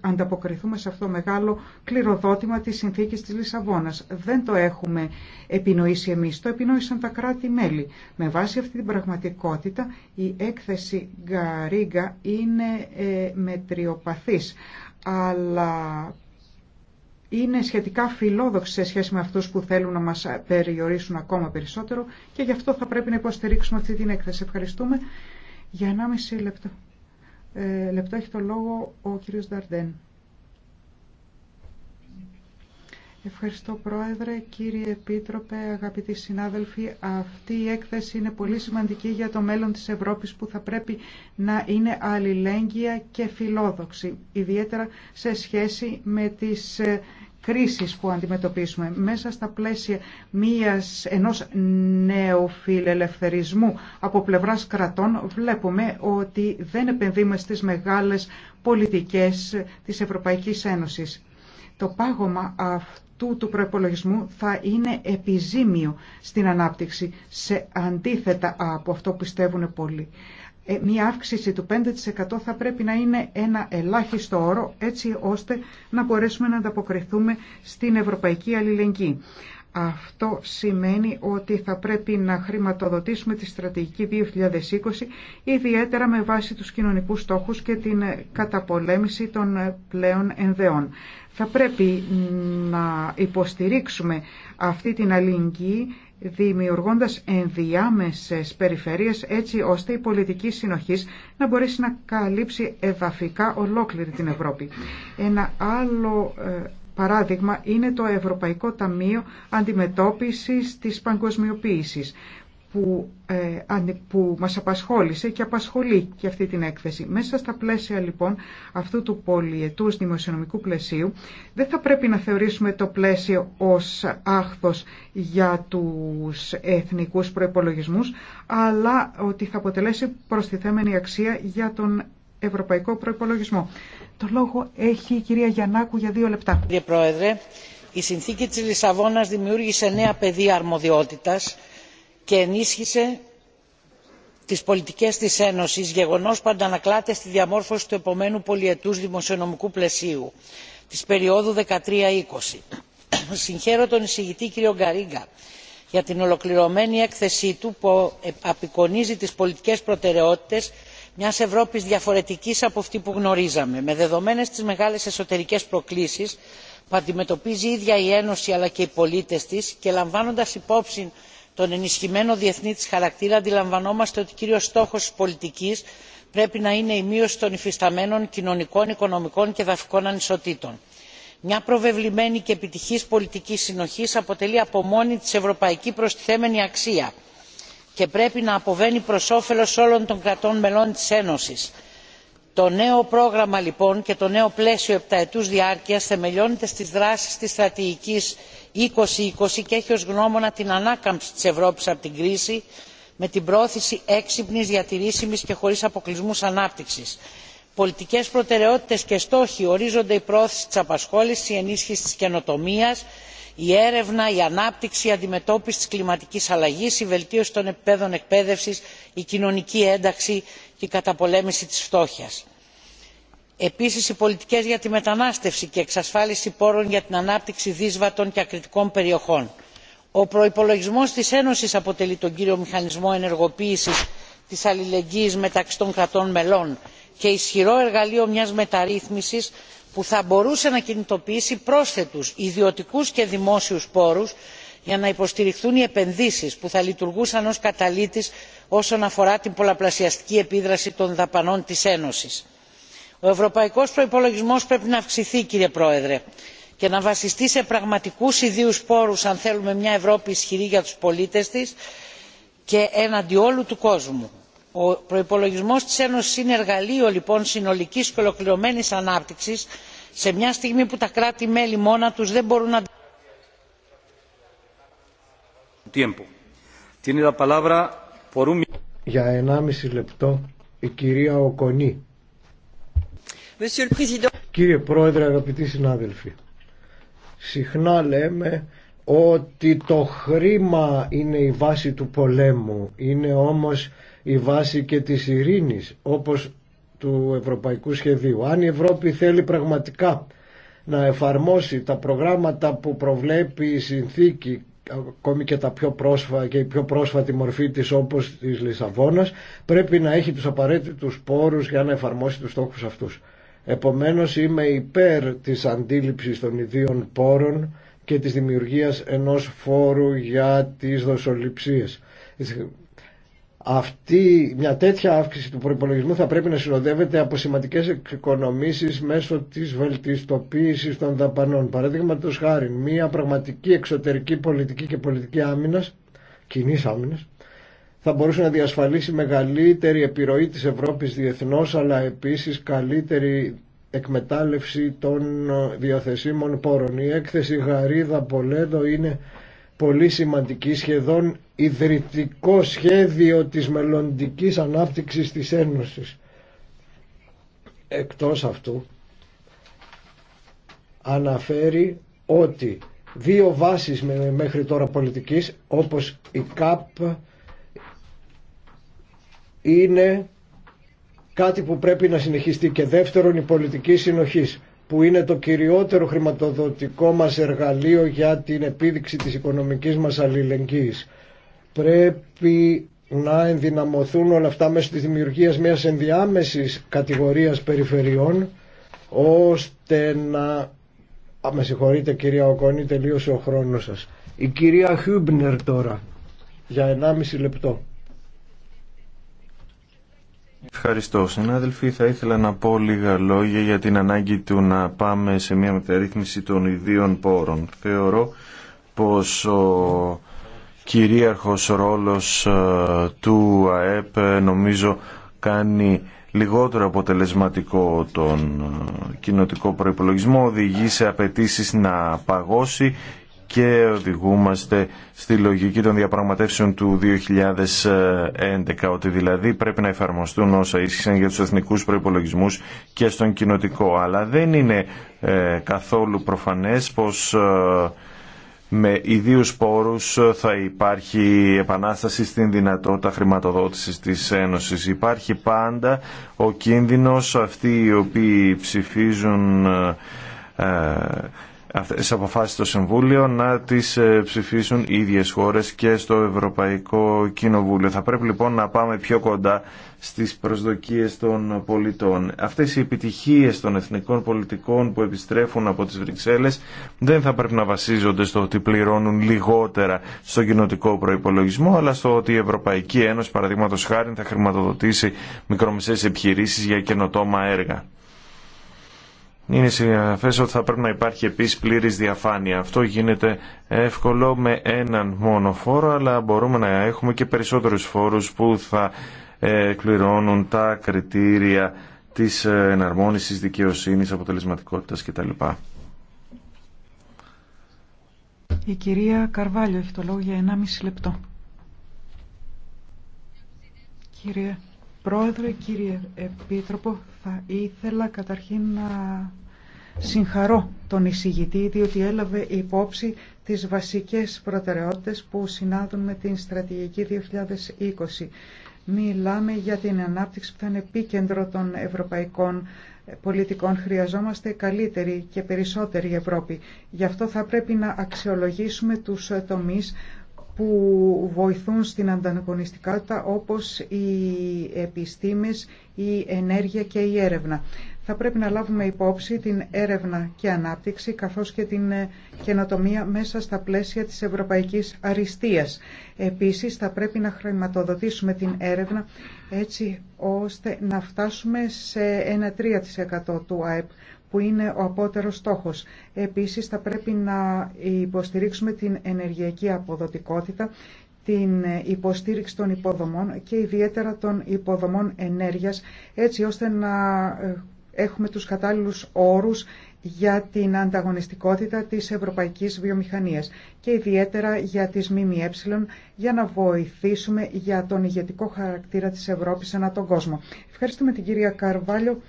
ανταποκριθούμε σε αυτό το μεγάλο κληροδότημα της συνθήκης της Λισαβόνας. Δεν το έχουμε επινοήσει εμείς, το επινόησαν τα κράτη-μέλη. Με βάση αυτή την πραγματικότητα η έκθεση Γκαρίγκα είναι ε, μετριοπαθής αλλά είναι σχετικά φιλόδοξη σε σχέση με αυτούς που θέλουν να μας περιορίσουν ακόμα περισσότερο και γι' αυτό θα πρέπει να υποστηρίξουμε αυτή την έκθεση. Ευχαριστούμε. Για 1,5 λεπτό. Ε, λεπτό έχει το λόγο ο κύριος Νταρντέν. Ευχαριστώ Πρόεδρε, κύριε Επίτροπε, αγαπητοί συνάδελφοι. Αυτή η έκθεση είναι πολύ σημαντική για το μέλλον της Ευρώπης που θα πρέπει να είναι αλληλέγγυα και φιλόδοξη, ιδιαίτερα σε σχέση με τις ε, κρίσεις που αντιμετωπίσουμε. μέσα στα πλαίσια μίας, ενός νέου φιλελευθερισμού από πλευράς κρατών βλέπουμε ότι δεν επενδύουμε στις μεγάλες πολιτικές της Ευρωπαϊκής Ένωσης. Το πάγωμα αυτό αυτού του προϋπολογισμού θα είναι επιζήμιο στην ανάπτυξη, σε αντίθετα από αυτό που πιστεύουν πολλοί. Ε, μια αύξηση του 5% θα πρέπει να είναι ένα ελάχιστο όρο έτσι ώστε να μπορέσουμε να ανταποκριθούμε στην ευρωπαϊκή αλληλεγγύη. Αυτό σημαίνει ότι θα πρέπει να χρηματοδοτήσουμε τη στρατηγική 2020, ιδιαίτερα με βάση τους κοινωνικούς στόχους και την καταπολέμηση των πλέον ενδεών. Θα πρέπει να υποστηρίξουμε αυτή την αλληλεγγύη δημιουργώντας ενδιάμεσες περιφέρειες έτσι ώστε η πολιτική συνοχής να μπορέσει να καλύψει εδαφικά ολόκληρη την Ευρώπη. Ένα άλλο ε, παράδειγμα είναι το Ευρωπαϊκό Ταμείο Αντιμετώπισης της Παγκοσμιοποίησης που, ε, που μας απασχόλησε και απασχολεί και αυτή την έκθεση. Μέσα στα πλαίσια λοιπόν αυτού του πολυετούς δημοσιονομικού πλαισίου δεν θα πρέπει να θεωρήσουμε το πλαίσιο ως άχθος για τους εθνικούς προϋπολογισμούς αλλά ότι θα αποτελέσει προστιθέμενη αξία για τον ευρωπαϊκό προϋπολογισμό. Το λόγο έχει η κυρία Γιαννάκου για δύο λεπτά. Κύριε Πρόεδρε, η συνθήκη της Λισαβόνας δημιούργησε νέα πεδία αρμοδιότητας και ενίσχυσε τις πολιτικές της Ένωσης, γεγονός που αντανακλάται στη διαμόρφωση του επομένου πολιετούς δημοσιονομικού πλαισίου της περίοδου 13-20. Συγχαίρω τον εισηγητή κύριο Γκαρίγκα για την ολοκληρωμένη έκθεσή του που απεικονίζει τις πολιτικές προτεραιότητες μιας ευρώπης διαφορετικής από αυτή που γνωρίζαμε με δεδομένες τις μεγάλες εσωτερικές προκλήσεις που αντιμετωπίζει η ίδια η ένωση αλλά και οι πολίτες της και λαμβάνοντας υπόψη τον ενισχυμένο διεθνή της χαρακτήρα αντιλαμβανόμαστε ότι κύριος στόχος της πολιτικής πρέπει να είναι η μείωση των υφισταμένων κοινωνικών οικονομικών και εδαφικών ανισοτήτων. μια προβεβλημένη και επιτυχής πολιτική συνοχής αποτελεί από μόνη της ευρωπαϊκή προστιθέμενη αξία και πρέπει να αποβαίνει προ όφελο όλων των κρατών μελών τη Ένωση. το νέο πρόγραμμα λοιπόν και το νέο πλαίσιο επταετού διάρκεια θεμελιώνεται στι δράσει τη στρατηγική 2020 είκοσι και έχει ως γνώμονα την ανάκαμψη τη Ευρώπη από την κρίση με την προώθηση έξυπνη, διατηρήσιμη και χωρίς αποκλεισμούς ανάπτυξης. πολιτικές προτεραιότητε και στόχοι ορίζονται η προώθηση τη απασχόληση η ενίσχυση της καινοτομία η έρευνα η ανάπτυξη η αντιμετώπιση της κλιματικής αλλαγής η βελτίωση των επιπέδων εκπαίδευσης η κοινωνική ένταξη και η καταπολέμηση της φτώχειας. επίσης οι πολιτικές για τη μετανάστευση και εξασφάλιση πόρων για την ανάπτυξη δύσβατων και ακριτικών περιοχών. ο προϋπολογισμός της ένωσης αποτελεί τον κύριο μηχανισμό ενεργοποίησης της αλληλεγγύης μεταξύ των κρατών μελών και ισχυρό εργαλείο μιας μεταρρύθμισης που θα μπορούσε να κινητοποιήσει πρόσθετους ιδιωτικούς και δημόσιους πόρους για να υποστηριχθούν οι επενδύσεις που θα λειτουργούσαν ως καταλύτης όσον αφορά την πολλαπλασιαστική επίδραση των δαπανών της ένωσης. ο ευρωπαϊκός προϋπολογισμός πρέπει να αυξηθεί κύριε πρόεδρε και να βασιστεί σε πραγματικούς ιδίους πόρους αν θέλουμε μια ευρώπη ισχυρή για τους πολίτες της και εναντί όλου του κόσμου ο προϋπολογισμός τη ένωσης είναι εργαλείο λοιπόν συνολικής και ολοκληρωμένης ανάπτυξης σε μια στιγμή που τα κράτη μέλη μόνα τους δεν μπορούν να για 1,5 λεπτό η κυρία Οκονή. Κύριε Πρόεδρε, αγαπητοί συνάδελφοι, συχνά λέμε ότι το χρήμα είναι η βάση του πολέμου, είναι όμως η βάση και της ειρήνης όπως του ευρωπαϊκού σχεδίου. Αν η Ευρώπη θέλει πραγματικά να εφαρμόσει τα προγράμματα που προβλέπει η συνθήκη ακόμη και, τα πιο και η πιο πρόσφατη μορφή της όπως της Λισαβόνας πρέπει να έχει τους απαραίτητους πόρους για να εφαρμόσει τους στόχους αυτούς. Επομένως είμαι υπέρ της αντίληψης των ιδίων πόρων και της δημιουργίας ενός φόρου για τις δοσοληψίες αυτή, μια τέτοια αύξηση του προπολογισμού θα πρέπει να συνοδεύεται από σημαντικέ εξοικονομήσει μέσω της βελτιστοποίηση των δαπανών. Παραδείγματο χάρη, μια πραγματική εξωτερική πολιτική και πολιτική άμυνας, κοινή άμυνας, θα μπορούσε να διασφαλίσει μεγαλύτερη επιρροή της Ευρώπης διεθνώς, αλλά επίσης καλύτερη εκμετάλλευση των διαθεσίμων πόρων. Η έκθεση Γαρίδα Πολέδο είναι πολύ σημαντική σχεδόν ιδρυτικό σχέδιο της μελλοντικής ανάπτυξης της Ένωσης. Εκτός αυτού αναφέρει ότι δύο βάσεις μέχρι τώρα πολιτικής όπως η ΚΑΠ είναι κάτι που πρέπει να συνεχιστεί και δεύτερον η πολιτική συνοχής που είναι το κυριότερο χρηματοδοτικό μας εργαλείο για την επίδειξη της οικονομικής μας αλληλεγγύης. Πρέπει να ενδυναμωθούν όλα αυτά μέσω της δημιουργίας μιας ενδιάμεσης κατηγορίας περιφερειών ώστε να... Α, με συγχωρείτε κυρία Οκονή, τελείωσε ο χρόνος σας. Η κυρία Χιούμπνερ τώρα για 1,5 λεπτό. Ευχαριστώ. Συνάδελφοι, θα ήθελα να πω λίγα λόγια για την ανάγκη του να πάμε σε μια μεταρρύθμιση των ιδίων πόρων. Θεωρώ πως ο κυρίαρχος ρόλος ε, του ΑΕΠ ε, νομίζω κάνει λιγότερο αποτελεσματικό τον ε, κοινοτικό προϋπολογισμό, οδηγεί σε απαιτήσει να παγώσει και οδηγούμαστε στη λογική των διαπραγματεύσεων του 2011, ότι δηλαδή πρέπει να εφαρμοστούν όσα ίσχυσαν για τους εθνικούς προϋπολογισμούς και στον κοινοτικό. Αλλά δεν είναι ε, καθόλου προφανές πως ε, με ιδίους πόρους θα υπάρχει επανάσταση στην δυνατότητα χρηματοδότησης της Ένωσης. Υπάρχει πάντα ο κίνδυνος αυτοί οι οποίοι ψηφίζουν... Ε, αυτές τις αποφάσεις στο Συμβούλιο να τις ε, ψηφίσουν οι ίδιες χώρες και στο Ευρωπαϊκό Κοινοβούλιο. Θα πρέπει λοιπόν να πάμε πιο κοντά στις προσδοκίες των πολιτών. Αυτές οι επιτυχίες των εθνικών πολιτικών που επιστρέφουν από τις Βρυξέλλες δεν θα πρέπει να βασίζονται στο ότι πληρώνουν λιγότερα στο κοινοτικό προϋπολογισμό αλλά στο ότι η Ευρωπαϊκή Ένωση παραδείγματος χάρη θα χρηματοδοτήσει μικρομεσαίες επιχειρήσεις για καινοτόμα έργα. Είναι σαφέ ότι θα πρέπει να υπάρχει επίση πλήρη διαφάνεια. Αυτό γίνεται εύκολο με έναν μόνο φόρο, αλλά μπορούμε να έχουμε και περισσότερου φόρους που θα ε, εκπληρώνουν τα κριτήρια τη ε, εναρμόνιση δικαιοσύνη, αποτελεσματικότητα κτλ. Η κυρία Καρβάλιο έχει το λόγο για 1,5 λεπτό. Κύριε Πρόεδρε, κύριε Επίτροπο, θα ήθελα καταρχήν να συγχαρώ τον εισηγητή διότι έλαβε υπόψη τις βασικές προτεραιότητες που συνάδουν με την στρατηγική 2020. Μιλάμε για την ανάπτυξη που θα είναι επίκεντρο των ευρωπαϊκών πολιτικών. Χρειαζόμαστε καλύτερη και περισσότερη Ευρώπη. Γι' αυτό θα πρέπει να αξιολογήσουμε τους τομείς που βοηθούν στην ανταγωνιστικότητα όπως οι επιστήμες, η ενέργεια και η έρευνα. Θα πρέπει να λάβουμε υπόψη την έρευνα και ανάπτυξη καθώς και την ε, καινοτομία μέσα στα πλαίσια της ευρωπαϊκής αριστείας. Επίσης θα πρέπει να χρηματοδοτήσουμε την έρευνα έτσι ώστε να φτάσουμε σε ένα 3% του ΑΕΠ που είναι ο απότερος στόχος. Επίσης θα πρέπει να υποστηρίξουμε την ενεργειακή αποδοτικότητα, την υποστήριξη των υποδομών και ιδιαίτερα των υποδομών ενέργειας, έτσι ώστε να ε, έχουμε τους κατάλληλους όρους για την ανταγωνιστικότητα της ευρωπαϊκής βιομηχανίας και ιδιαίτερα για τις ΜΜΕ για να βοηθήσουμε για τον ηγετικό χαρακτήρα της Ευρώπης ανά τον κόσμο. Ευχαριστούμε την κυρία Καρβάλιο.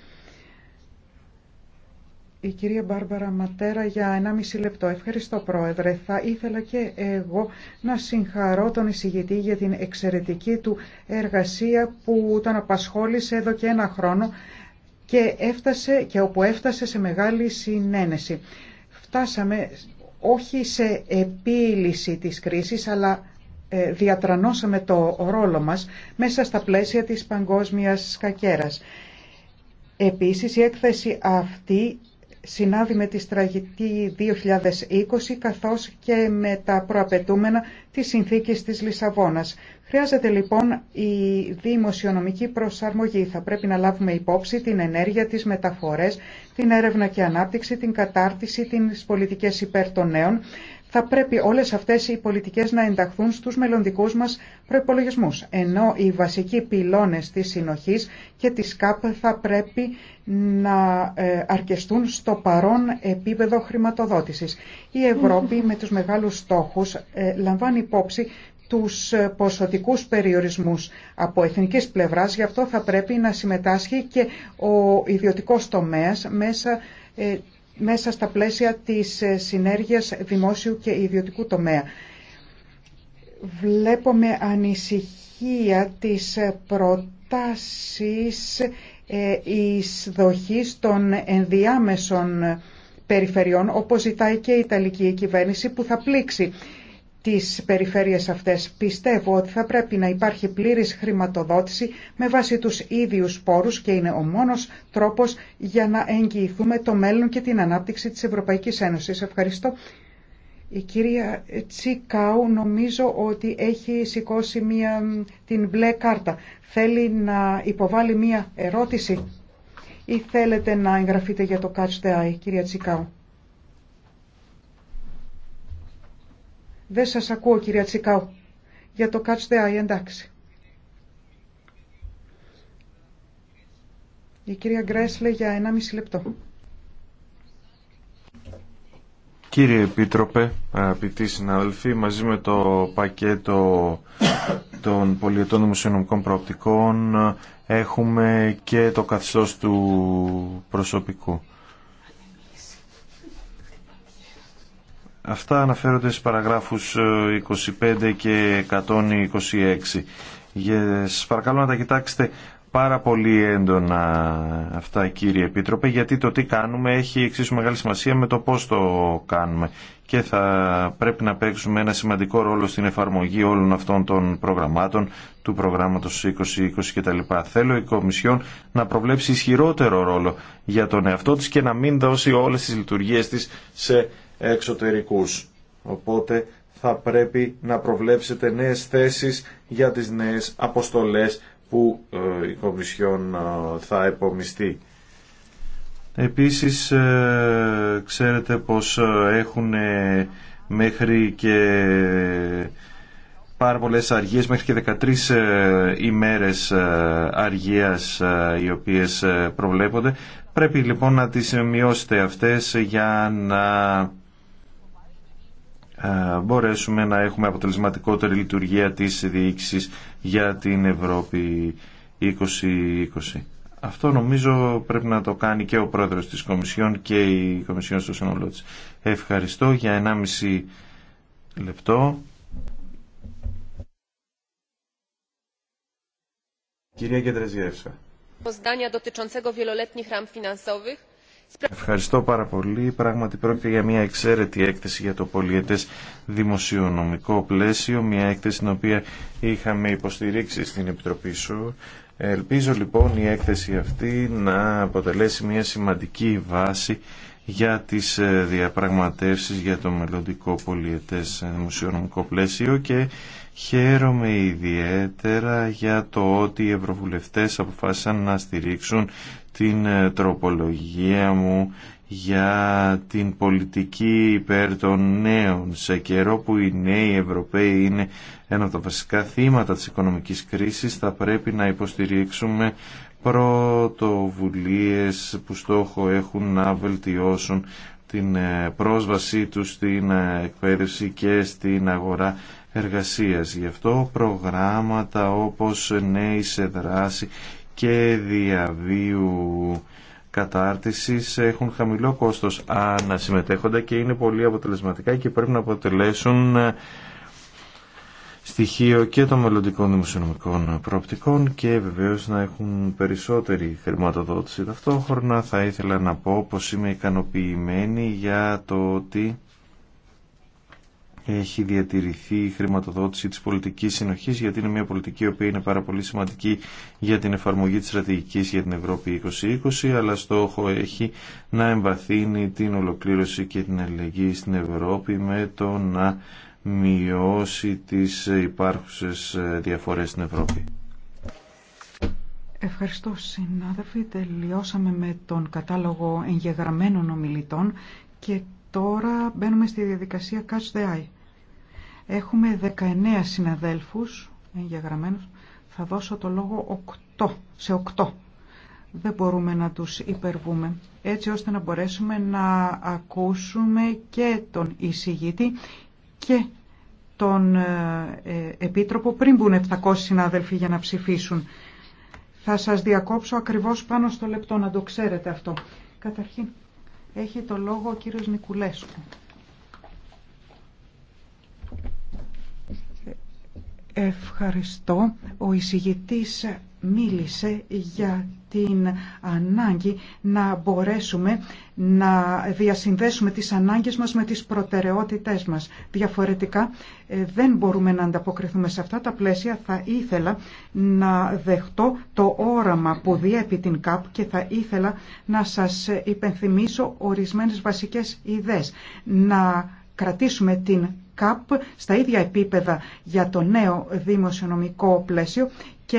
Η κυρία Μπάρμπαρα Ματέρα για 1,5 λεπτό. Ευχαριστώ Πρόεδρε. Θα ήθελα και εγώ να συγχαρώ τον εισηγητή για την εξαιρετική του εργασία που τον απασχόλησε εδώ και ένα χρόνο και, έφτασε, και όπου έφτασε σε μεγάλη συνένεση. Φτάσαμε όχι σε επίλυση της κρίσης αλλά ε, διατρανώσαμε το ρόλο μας μέσα στα πλαίσια της παγκόσμιας κακέρας. Επίσης η έκθεση αυτή συνάδει με τη στραγητή 2020 καθώς και με τα προαπαιτούμενα της συνθήκης της Λισαβόνας. Χρειάζεται λοιπόν η δημοσιονομική προσαρμογή. Θα πρέπει να λάβουμε υπόψη την ενέργεια, τις μεταφορές, την έρευνα και ανάπτυξη, την κατάρτιση, τις πολιτικές υπέρ των νέων, θα πρέπει όλες αυτές οι πολιτικές να ενταχθούν στους μελλοντικούς μας προϋπολογισμούς, ενώ οι βασικοί πυλώνες της συνοχής και της ΚΑΠ θα πρέπει να ε, αρκεστούν στο παρόν επίπεδο χρηματοδότησης. Η Ευρώπη με τους μεγάλους στόχους ε, λαμβάνει υπόψη τους ποσοτικούς περιορισμούς από εθνικής πλευράς, γι' αυτό θα πρέπει να συμμετάσχει και ο ιδιωτικός τομέας μέσα ε, μέσα στα πλαίσια της ε, συνέργειας δημόσιου και ιδιωτικού τομέα. Βλέπουμε με ανησυχία τις ε, προτάσεις ε, εισδοχής των ενδιάμεσων περιφερειών, όπως ζητάει και η Ιταλική κυβέρνηση, που θα πλήξει τις περιφέρειες αυτές. Πιστεύω ότι θα πρέπει να υπάρχει πλήρης χρηματοδότηση με βάση τους ίδιους πόρους και είναι ο μόνος τρόπος για να εγγυηθούμε το μέλλον και την ανάπτυξη της Ευρωπαϊκής Ένωσης. Ευχαριστώ. Η κυρία Τσίκαου νομίζω ότι έχει σηκώσει μια, την μπλε κάρτα. Θέλει να υποβάλει μια ερώτηση ή θέλετε να εγγραφείτε για το Catch the Eye, κυρία Τσίκαου. Δεν σας ακούω κυρία Τσικάου. Για το catch the εντάξει. Η κυρία Γκρέσλε για ένα μισή λεπτό. Κύριε Επίτροπε, αγαπητοί συναδελφοί, μαζί με το πακέτο των πολιετών δημοσιονομικών προοπτικών έχουμε και το καθεστώς του προσωπικού. Αυτά αναφέρονται στις παραγράφους 25 ε, και 126. Σας παρακαλώ να τα κοιτάξετε πάρα πολύ έντονα αυτά κύριε Επίτροπε γιατί το τι κάνουμε έχει εξίσου μεγάλη σημασία με το πώς το κάνουμε και θα πρέπει να παίξουμε ένα σημαντικό ρόλο στην εφαρμογή όλων αυτών των προγραμμάτων του προγράμματος 2020 κτλ. Θέλω η Κομισιόν να προβλέψει ισχυρότερο ρόλο για τον εαυτό της και να μην δώσει όλες τις λειτουργίες της σε εξωτερικούς. Οπότε θα πρέπει να προβλέψετε νέες θέσεις για τις νέες αποστολές που ε, η Κομισιόν ε, θα επομιστεί. Επίσης, ε, ξέρετε πως έχουν μέχρι και πάρα πολλές αργίες, μέχρι και 13 ημέρες αργίας οι οποίες προβλέπονται. Πρέπει λοιπόν να τις μειώσετε αυτές για να ε, μπορέσουμε να έχουμε αποτελεσματικότερη λειτουργία της διοίκησης για την Ευρώπη 2020. Αυτό νομίζω πρέπει να το κάνει και ο πρόεδρος της Κομισιόν και η Κομισιόν στο σύνολό της. Ευχαριστώ για 1,5 λεπτό. Κυρία Κεντρεζιεύσα. Ποσδάνια βιολολέτνιχ ραμ φινανσόβιχ. Ευχαριστώ πάρα πολύ. Πράγματι πρόκειται για μια εξαίρετη έκθεση για το πολιετές δημοσιονομικό πλαίσιο, μια έκθεση την οποία είχαμε υποστηρίξει στην Επιτροπή σου. Ελπίζω λοιπόν η έκθεση αυτή να αποτελέσει μια σημαντική βάση για τις ε, διαπραγματεύσεις για το μελλοντικό πολιετές ε, μουσιονομικό πλαίσιο και χαίρομαι ιδιαίτερα για το ότι οι ευρωβουλευτές αποφάσισαν να στηρίξουν την ε, τροπολογία μου για την πολιτική υπέρ των νέων σε καιρό που οι νέοι Ευρωπαίοι είναι ένα από τα βασικά θύματα της οικονομικής κρίσης θα πρέπει να υποστηρίξουμε πρωτοβουλίες που στόχο έχουν να βελτιώσουν την ε, πρόσβασή τους στην ε, εκπαίδευση και στην αγορά εργασίας. Γι' αυτό προγράμματα όπως νέοι σε δράση και διαβίου κατάρτισης έχουν χαμηλό κόστος ανασυμμετέχοντα και είναι πολύ αποτελεσματικά και πρέπει να αποτελέσουν ε, στοιχείο και των μελλοντικών δημοσιονομικών προοπτικών και βεβαίως να έχουν περισσότερη χρηματοδότηση. Ταυτόχρονα θα ήθελα να πω πως είμαι ικανοποιημένη για το ότι έχει διατηρηθεί η χρηματοδότηση της πολιτικής συνοχής γιατί είναι μια πολιτική η οποία είναι πάρα πολύ σημαντική για την εφαρμογή της στρατηγικής για την Ευρώπη 2020 αλλά στόχο έχει να εμβαθύνει την ολοκλήρωση και την αλληλεγγύη στην Ευρώπη με το να μειώσει τις υπάρχουσες διαφορές στην Ευρώπη. Ευχαριστώ συνάδελφοι. Τελειώσαμε με τον κατάλογο εγγεγραμμένων ομιλητών και τώρα μπαίνουμε στη διαδικασία Catch the Eye. Έχουμε 19 συναδέλφους εγγεγραμμένους. Θα δώσω το λόγο 8, σε 8. Δεν μπορούμε να τους υπερβούμε έτσι ώστε να μπορέσουμε να ακούσουμε και τον εισηγήτη και τον ε, ε, Επίτροπο πριν μπουν 700 συνάδελφοι για να ψηφίσουν. Θα σας διακόψω ακριβώς πάνω στο λεπτό να το ξέρετε αυτό. Καταρχήν, έχει το λόγο ο κύριος Νικουλέσκου. Ε, ευχαριστώ. Ο εισηγητής μίλησε για την ανάγκη να μπορέσουμε να διασυνδέσουμε τις ανάγκες μας με τις προτεραιότητές μας. Διαφορετικά ε, δεν μπορούμε να ανταποκριθούμε σε αυτά τα πλαίσια. Θα ήθελα να δεχτώ το όραμα που διέπει την ΚΑΠ και θα ήθελα να σας υπενθυμίσω ορισμένες βασικές ιδέες. Να κρατήσουμε την ΚΑΠ στα ίδια επίπεδα για το νέο δημοσιονομικό πλαίσιο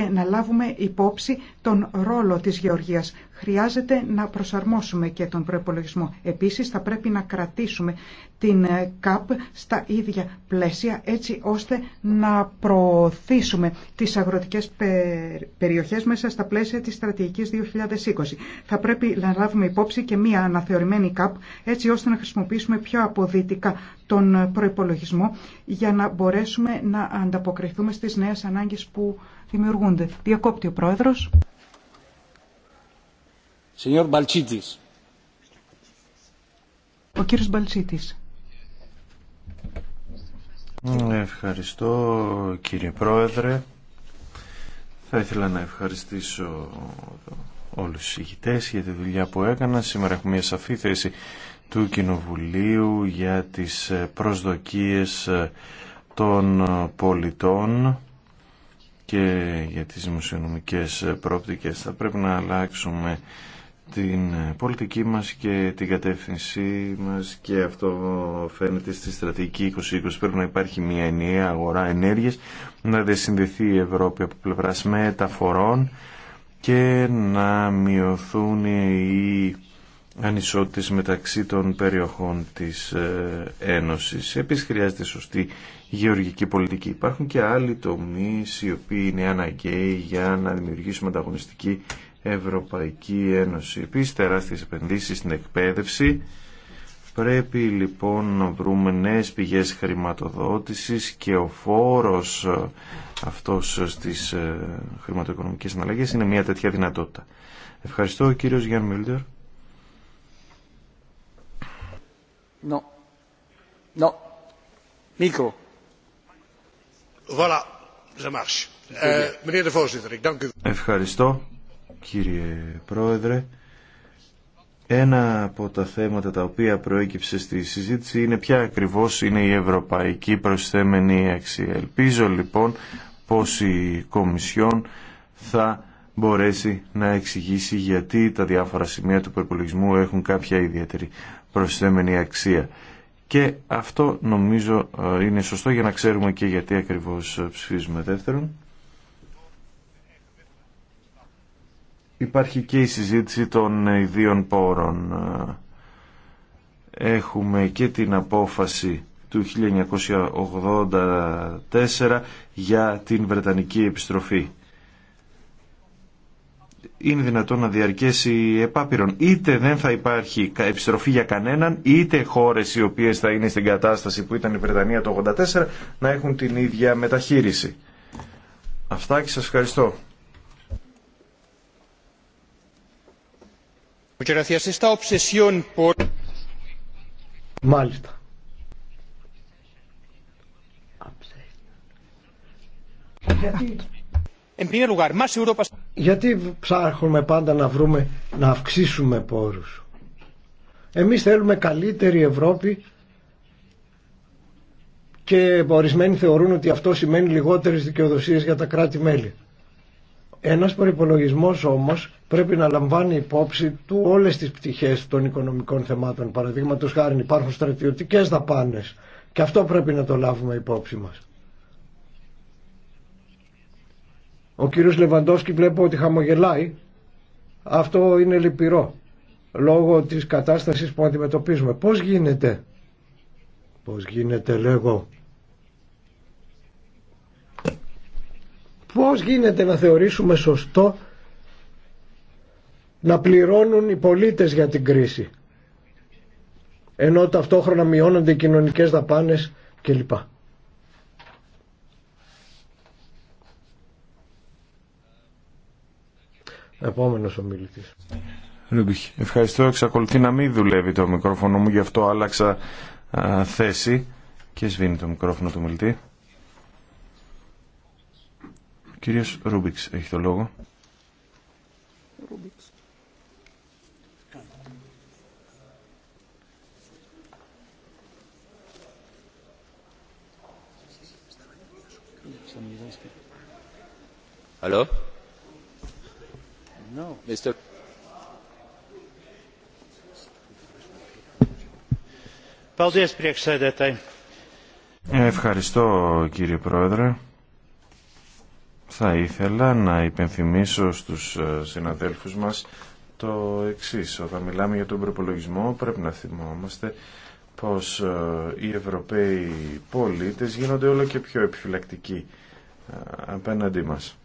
και να λάβουμε υπόψη τον ρόλο της γεωργίας. Χρειάζεται να προσαρμόσουμε και τον προϋπολογισμό. Επίσης θα πρέπει να κρατήσουμε την ε, ΚΑΠ στα ίδια πλαίσια έτσι ώστε να προωθήσουμε τις αγροτικές περιοχές μέσα στα πλαίσια της στρατηγικής 2020. Θα πρέπει να λάβουμε υπόψη και μία αναθεωρημένη ΚΑΠ έτσι ώστε να χρησιμοποιήσουμε πιο αποδυτικά τον προϋπολογισμό για να μπορέσουμε να ανταποκριθούμε στις νέες ανάγκες που δημιουργούνται. Διακόπτει ο Πρόεδρος. Ο κύριος Μπαλτσίτη. Ε, ευχαριστώ κύριε Πρόεδρε. Θα ήθελα να ευχαριστήσω όλους του ηγητέ για τη δουλειά που έκανα. Σήμερα έχουμε μια σαφή θέση του Κοινοβουλίου για τις προσδοκίες των πολιτών και για τις δημοσιονομικές πρόπτικες. Θα πρέπει να αλλάξουμε την πολιτική μας και την κατεύθυνσή μας και αυτό φαίνεται στη στρατηγική 2020. Πρέπει να υπάρχει μια ενιαία αγορά ενέργειας, να δεσυνδεθεί η Ευρώπη από πλευράς μεταφορών και να μειωθούν οι ανισότητες μεταξύ των περιοχών της ε, Ένωσης. Επίσης χρειάζεται σωστή γεωργική πολιτική. Υπάρχουν και άλλοι τομείς οι οποίοι είναι αναγκαίοι για να δημιουργήσουμε ανταγωνιστική Ευρωπαϊκή Ένωση. Επίσης τεράστιες επενδύσεις στην εκπαίδευση. Πρέπει λοιπόν να βρούμε νέες πηγές χρηματοδότησης και ο φόρος ε, αυτός στις ε, χρηματοοικονομικές αναλλαγές είναι μια τέτοια δυνατότητα. Ευχαριστώ κύριος Γιάννη Euh, Ευχαριστώ, κύριε Πρόεδρε. Ένα από τα θέματα τα οποία προέκυψε στη συζήτηση είναι ποια ακριβώς είναι η ευρωπαϊκή προσθέμενη αξία. Ελπίζω λοιπόν πως η Κομισιόν θα μπορέσει να εξηγήσει γιατί τα διάφορα σημεία του προπολογισμού έχουν κάποια ιδιαίτερη προσθέμενη αξία. Και αυτό νομίζω ε, είναι σωστό για να ξέρουμε και γιατί ακριβώς ε, ψηφίζουμε δεύτερον. Υπάρχει και η συζήτηση των ιδίων πόρων. Ε, έχουμε και την απόφαση του 1984 για την Βρετανική επιστροφή είναι δυνατόν να διαρκέσει επάπειρον. Είτε δεν θα υπάρχει επιστροφή για κανέναν, είτε χώρες οι οποίες θα είναι στην κατάσταση που ήταν η Βρετανία το 1984 να έχουν την ίδια μεταχείριση. Αυτά και σας ευχαριστώ. Μάλιστα. En primer lugar, más Europa γιατί ψάχνουμε πάντα να βρούμε να αυξήσουμε πόρους εμείς θέλουμε καλύτερη Ευρώπη και ορισμένοι θεωρούν ότι αυτό σημαίνει λιγότερες δικαιοδοσίες για τα κράτη-μέλη. Ένας προπολογισμό όμως πρέπει να λαμβάνει υπόψη του όλες τις πτυχές των οικονομικών θεμάτων. Παραδείγματος χάρη υπάρχουν στρατιωτικές δαπάνες και αυτό πρέπει να το λάβουμε υπόψη μας. Ο κύριος Λεβαντόφσκι βλέπω ότι χαμογελάει. Αυτό είναι λυπηρό λόγω της κατάστασης που αντιμετωπίζουμε. Πώς γίνεται, πώς γίνεται λέγω, πώς γίνεται να θεωρήσουμε σωστό να πληρώνουν οι πολίτες για την κρίση ενώ ταυτόχρονα μειώνονται οι κοινωνικές δαπάνες κλπ. Επόμενος Ρούμπιχ. Ευχαριστώ. Εξακολουθεί να μην δουλεύει το μικρόφωνο μου, γι' αυτό άλλαξα θέση και σβήνει το μικρόφωνο του μιλητή. Ο κύριος Ρούμπιξ έχει το λόγο. Ρούμπιξ. Ευχαριστώ κύριε Πρόεδρε. Θα ήθελα να υπενθυμίσω στους ε, συναδέλφους μας το εξής. Όταν μιλάμε για τον προπολογισμό πρέπει να θυμόμαστε πως ε, οι Ευρωπαίοι πολίτες γίνονται όλο και πιο επιφυλακτικοί ε, απέναντί μας.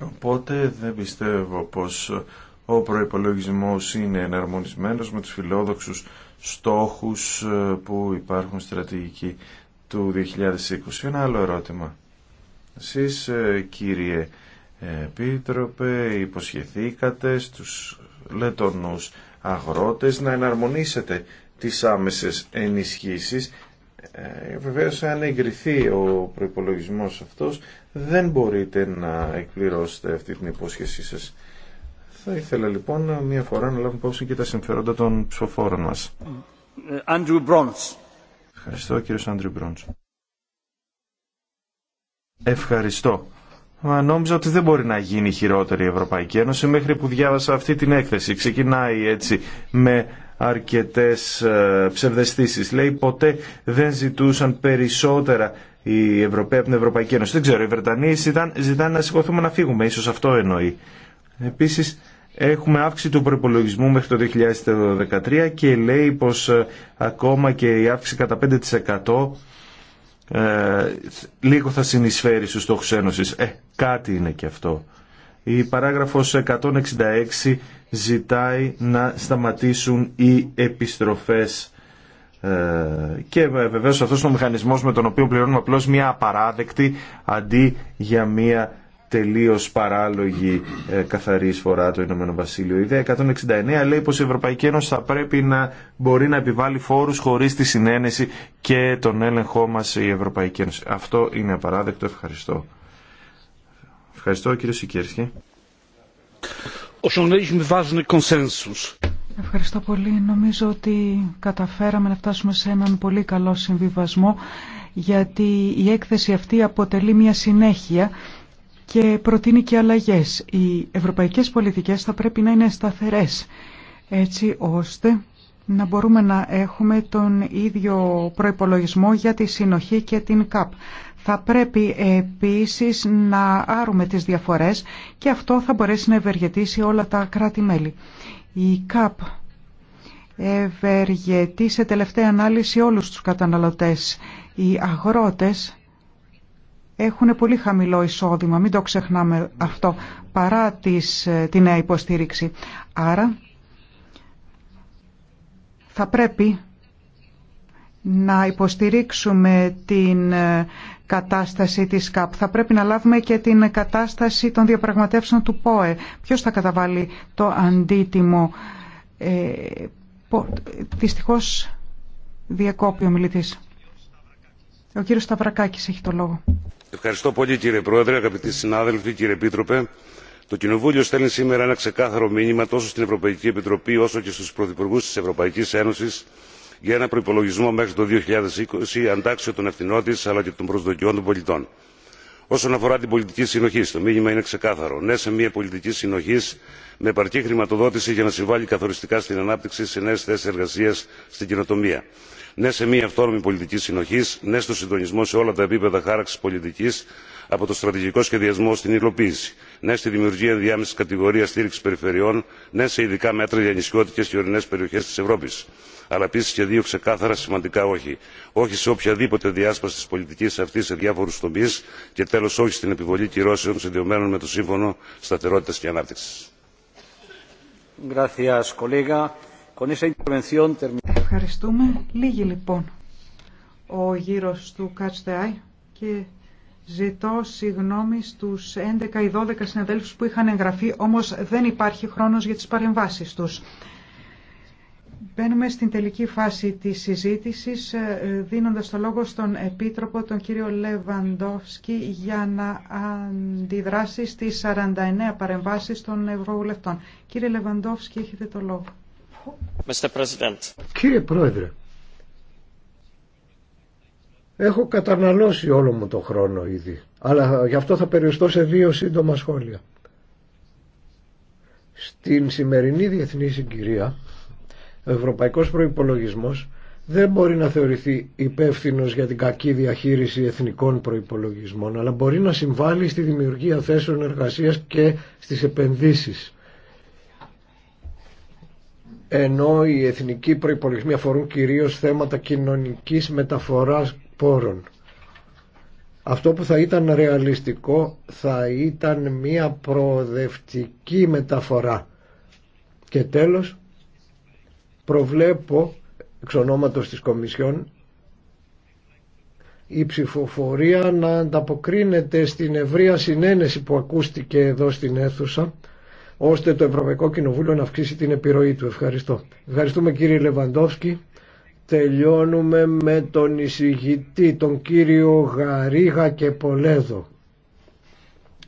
Οπότε δεν πιστεύω πως ο προϋπολογισμός είναι εναρμονισμένος με τους φιλόδοξους στόχους ε, που υπάρχουν στρατηγική του 2020. Ένα άλλο ερώτημα. Εσείς ε, κύριε Επίτροπε υποσχεθήκατε στους λετονούς αγρότες να εναρμονίσετε τις άμεσες ενισχύσεις ε, βεβαίως αν εγκριθεί ο προϋπολογισμός αυτός δεν μπορείτε να εκπληρώσετε αυτή την υπόσχεσή σας. Θα ήθελα λοιπόν μια φορά να λάβουμε υπόψη και τα συμφέροντα των ψηφοφόρων μας. Ε, Andrew Bronze. Ευχαριστώ κύριος Andrew Bronze. Ευχαριστώ. Μα νόμιζα ότι δεν μπορεί να γίνει χειρότερη η Ευρωπαϊκή Ένωση μέχρι που διάβασα αυτή την έκθεση. Ξεκινάει έτσι με αρκετές ε, ψευδεστήσεις. Λέει ποτέ δεν ζητούσαν περισσότερα οι Ευρωπαίοι από την Ευρωπαϊκή Ένωση. Δεν ξέρω, οι Βρετανοί ζητάνε να σηκωθούμε να φύγουμε, ίσως αυτό εννοεί. Επίσης, Έχουμε αύξηση του προπολογισμού μέχρι το 2013 και λέει πως ε, ακόμα και η αύξηση κατά 5% ε, λίγο θα συνεισφέρει στους στόχους Ένωσης. Ε, κάτι είναι και αυτό. Η παράγραφος 166 ζητάει να σταματήσουν οι επιστροφές ε, και βεβαίως αυτός είναι ο μηχανισμός με τον οποίο πληρώνουμε απλώς μια απαράδεκτη αντί για μια τελείως παράλογη ε, καθαρή εισφορά το Ηνωμένο Βασίλειο. Η 169 λέει πως η Ευρωπαϊκή Ένωση θα πρέπει να μπορεί να επιβάλλει φόρους χωρίς τη συνένεση και τον έλεγχό μας η Ευρωπαϊκή Ένωση. Αυτό είναι απαράδεκτο. Ευχαριστώ. Ευχαριστώ κύριε Σικέρσκη. Ευχαριστώ πολύ. Νομίζω ότι καταφέραμε να φτάσουμε σε έναν πολύ καλό συμβιβασμό γιατί η έκθεση αυτή αποτελεί μια συνέχεια και προτείνει και αλλαγές. Οι ευρωπαϊκές πολιτικές θα πρέπει να είναι σταθερές έτσι ώστε να μπορούμε να έχουμε τον ίδιο προϋπολογισμό για τη συνοχή και την ΚΑΠ. Θα πρέπει επίσης να άρουμε τις διαφορές και αυτό θα μπορέσει να ευεργετήσει όλα τα κράτη-μέλη. Η ΚΑΠ ευεργετεί σε τελευταία ανάλυση όλους τους καταναλωτές. Οι αγρότες έχουν πολύ χαμηλό εισόδημα, μην το ξεχνάμε αυτό, παρά τις, τη νέα υποστήριξη. Άρα θα πρέπει να υποστηρίξουμε την ε, κατάσταση της ΚΑΠ. Θα πρέπει να λάβουμε και την κατάσταση των διαπραγματεύσεων του ΠΟΕ. Ποιος θα καταβάλει το αντίτιμο. Ε, πο, δυστυχώς διακόπη ο μιλητής. Ο κύριος Σταυρακάκης έχει το λόγο. Ευχαριστώ πολύ κύριε Πρόεδρε, αγαπητοί συνάδελφοι, κύριε Επίτροπε. Το Κοινοβούλιο στέλνει σήμερα ένα ξεκάθαρο μήνυμα τόσο στην Ευρωπαϊκή Επιτροπή όσο και στους Πρωθυπουργούς της Ευρωπαϊκής Ένωσης για ένα προπολογισμό μέχρι το 2020 αντάξιο των ευθυνών τη αλλά και των προσδοκιών των πολιτών. Όσον αφορά την πολιτική συνοχή, το μήνυμα είναι ξεκάθαρο. Ναι, σε μια πολιτική συνοχή με επαρκή χρηματοδότηση για να συμβάλλει καθοριστικά στην ανάπτυξη, σε νέε θέσει εργασία, στην κοινοτομία ναι σε μια αυτόνομη πολιτική συνοχή ναι στο συντονισμό σε όλα τα επίπεδα χάραξη πολιτική από το στρατηγικό σχεδιασμό στην υλοποίηση ναι στη δημιουργία ενδιάμεση κατηγορία στήριξη περιφερειών ναι σε ειδικά μέτρα για νησιώτικε και ορεινέ περιοχέ τη ευρώπη αλλά επίση και δύο ξεκάθαρα σημαντικά όχι όχι σε οποιαδήποτε διάσπαση τη πολιτική αυτή σε διάφορου τομεί και τέλο όχι στην επιβολή κυρώσεων συνδεδεμένων με το σύμφωνο σταθερότητα και ανάπτυξη. Ευχαριστούμε. Λίγοι λοιπόν ο γύρος του Catch the Eye και ζητώ συγγνώμη στους 11 ή 12 συναδέλφους που είχαν εγγραφεί, όμως δεν υπάρχει χρόνος για τις παρεμβάσεις τους. Μπαίνουμε στην τελική φάση της συζήτησης, ε, δίνοντας το λόγο στον Επίτροπο, τον κύριο Λεβαντόφσκι, για να αντιδράσει στις 49 παρεμβάσεις των Ευρωβουλευτών. Κύριε Λεβαντόφσκι, έχετε το λόγο. Κύριε Πρόεδρε, έχω καταναλώσει όλο μου το χρόνο ήδη, αλλά γι' αυτό θα περιοριστώ σε δύο σύντομα σχόλια. Στην σημερινή διεθνή συγκυρία, ο ευρωπαϊκός προϋπολογισμός δεν μπορεί να θεωρηθεί υπεύθυνο για την κακή διαχείριση εθνικών προϋπολογισμών, αλλά μπορεί να συμβάλλει στη δημιουργία θέσεων εργασίας και στις επενδύσεις ενώ οι εθνικοί προϋπολογισμοί αφορούν κυρίως θέματα κοινωνικής μεταφοράς πόρων. Αυτό που θα ήταν ρεαλιστικό θα ήταν μία προοδευτική μεταφορά. Και τέλος, προβλέπω εξ ονόματος της Κομισιόν η ψηφοφορία να ανταποκρίνεται στην ευρεία συνένεση που ακούστηκε εδώ στην αίθουσα ώστε το Ευρωπαϊκό Κοινοβούλιο να αυξήσει την επιρροή του. Ευχαριστώ. Ευχαριστούμε κύριε Λεβαντόφσκι. Τελειώνουμε με τον εισηγητή, τον κύριο Γαρίγα και Πολέδο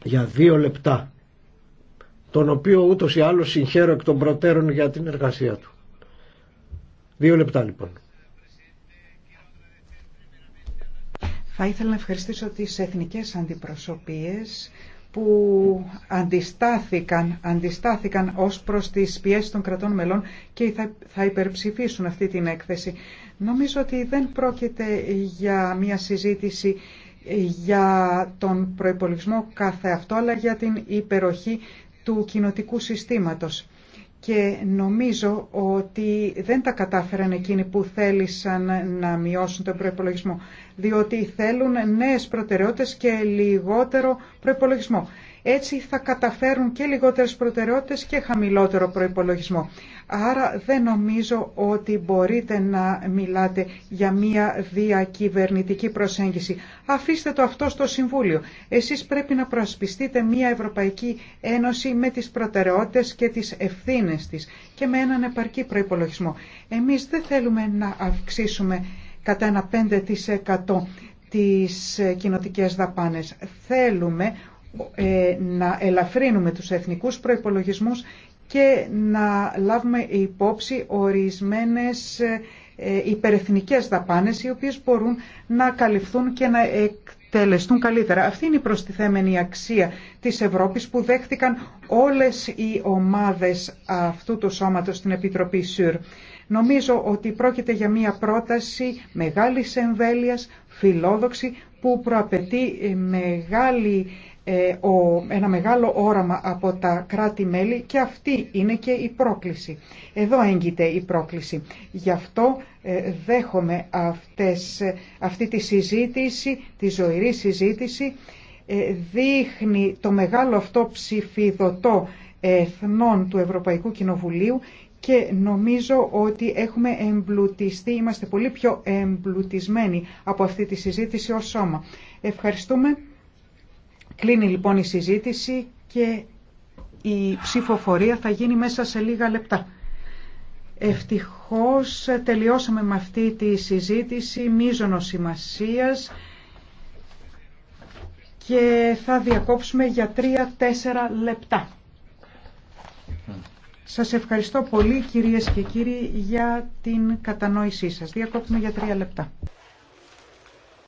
για δύο λεπτά τον οποίο ούτως ή άλλως συγχαίρω εκ των προτέρων για την εργασία του. Δύο λεπτά λοιπόν. Θα ήθελα να ευχαριστήσω τις εθνικές αντιπροσωπείες που αντιστάθηκαν, αντιστάθηκαν ως προς τις πιέσεις των κρατών μελών και θα υπερψηφίσουν αυτή την έκθεση. Νομίζω ότι δεν πρόκειται για μια συζήτηση για τον προϋπολογισμό κάθε αυτό, αλλά για την υπεροχή του κοινοτικού συστήματος και νομίζω ότι δεν τα κατάφεραν εκείνοι που θέλησαν να μειώσουν τον προϋπολογισμό, διότι θέλουν νέες προτεραιότητες και λιγότερο προϋπολογισμό. Έτσι θα καταφέρουν και λιγότερες προτεραιότητες και χαμηλότερο προϋπολογισμό. Άρα δεν νομίζω ότι μπορείτε να μιλάτε για μία διακυβερνητική προσέγγιση. Αφήστε το αυτό στο Συμβούλιο. Εσείς πρέπει να προασπιστείτε μία Ευρωπαϊκή Ένωση με τις προτεραιότητες και τις ευθύνες της και με έναν επαρκή προϋπολογισμό. Εμείς δεν θέλουμε να αυξήσουμε κατά ένα 5% τις ε, κοινοτικές δαπάνες. Θέλουμε ε, να ελαφρύνουμε τους εθνικούς προϋπολογισμούς και να λάβουμε υπόψη ορισμένες ε, υπερεθνικές δαπάνες οι οποίες μπορούν να καλυφθούν και να εκτελεστούν καλύτερα. Αυτή είναι η προστιθέμενη αξία της Ευρώπης που δέχτηκαν όλες οι ομάδες αυτού του σώματος στην Επιτροπή ΣΥΡ. Νομίζω ότι πρόκειται για μια πρόταση μεγάλης εμβέλειας, φιλόδοξη, που προαπαιτεί μεγάλη ε, ένα μεγάλο όραμα από τα κράτη-μέλη και αυτή είναι και η πρόκληση. Εδώ έγκυται η πρόκληση. Γι' αυτό ε, δέχομαι αυτές, ε, αυτή τη συζήτηση, τη ζωηρή συζήτηση, δείχνει το μεγάλο αυτό ψηφιδωτό εθνών του Ευρωπαϊκού Κοινοβουλίου και νομίζω ότι έχουμε εμπλουτιστεί, είμαστε πολύ πιο εμπλουτισμένοι από αυτή τη συζήτηση ως σώμα. Ευχαριστούμε. Κλείνει λοιπόν η συζήτηση και η ψηφοφορία θα γίνει μέσα σε λίγα λεπτά. Ευτυχώς τελειώσαμε με αυτή τη συζήτηση μίζωνος σημασίας και θα διακόψουμε για 3-4 λεπτά. Σας ευχαριστώ πολύ κυρίες και κύριοι για την κατανόησή σας. Διακόπτουμε για τρία-τέσσερα λεπτα σας ευχαριστω πολυ κυριες και κυριοι για την κατανοηση σας διακοπτουμε για τρία λεπτα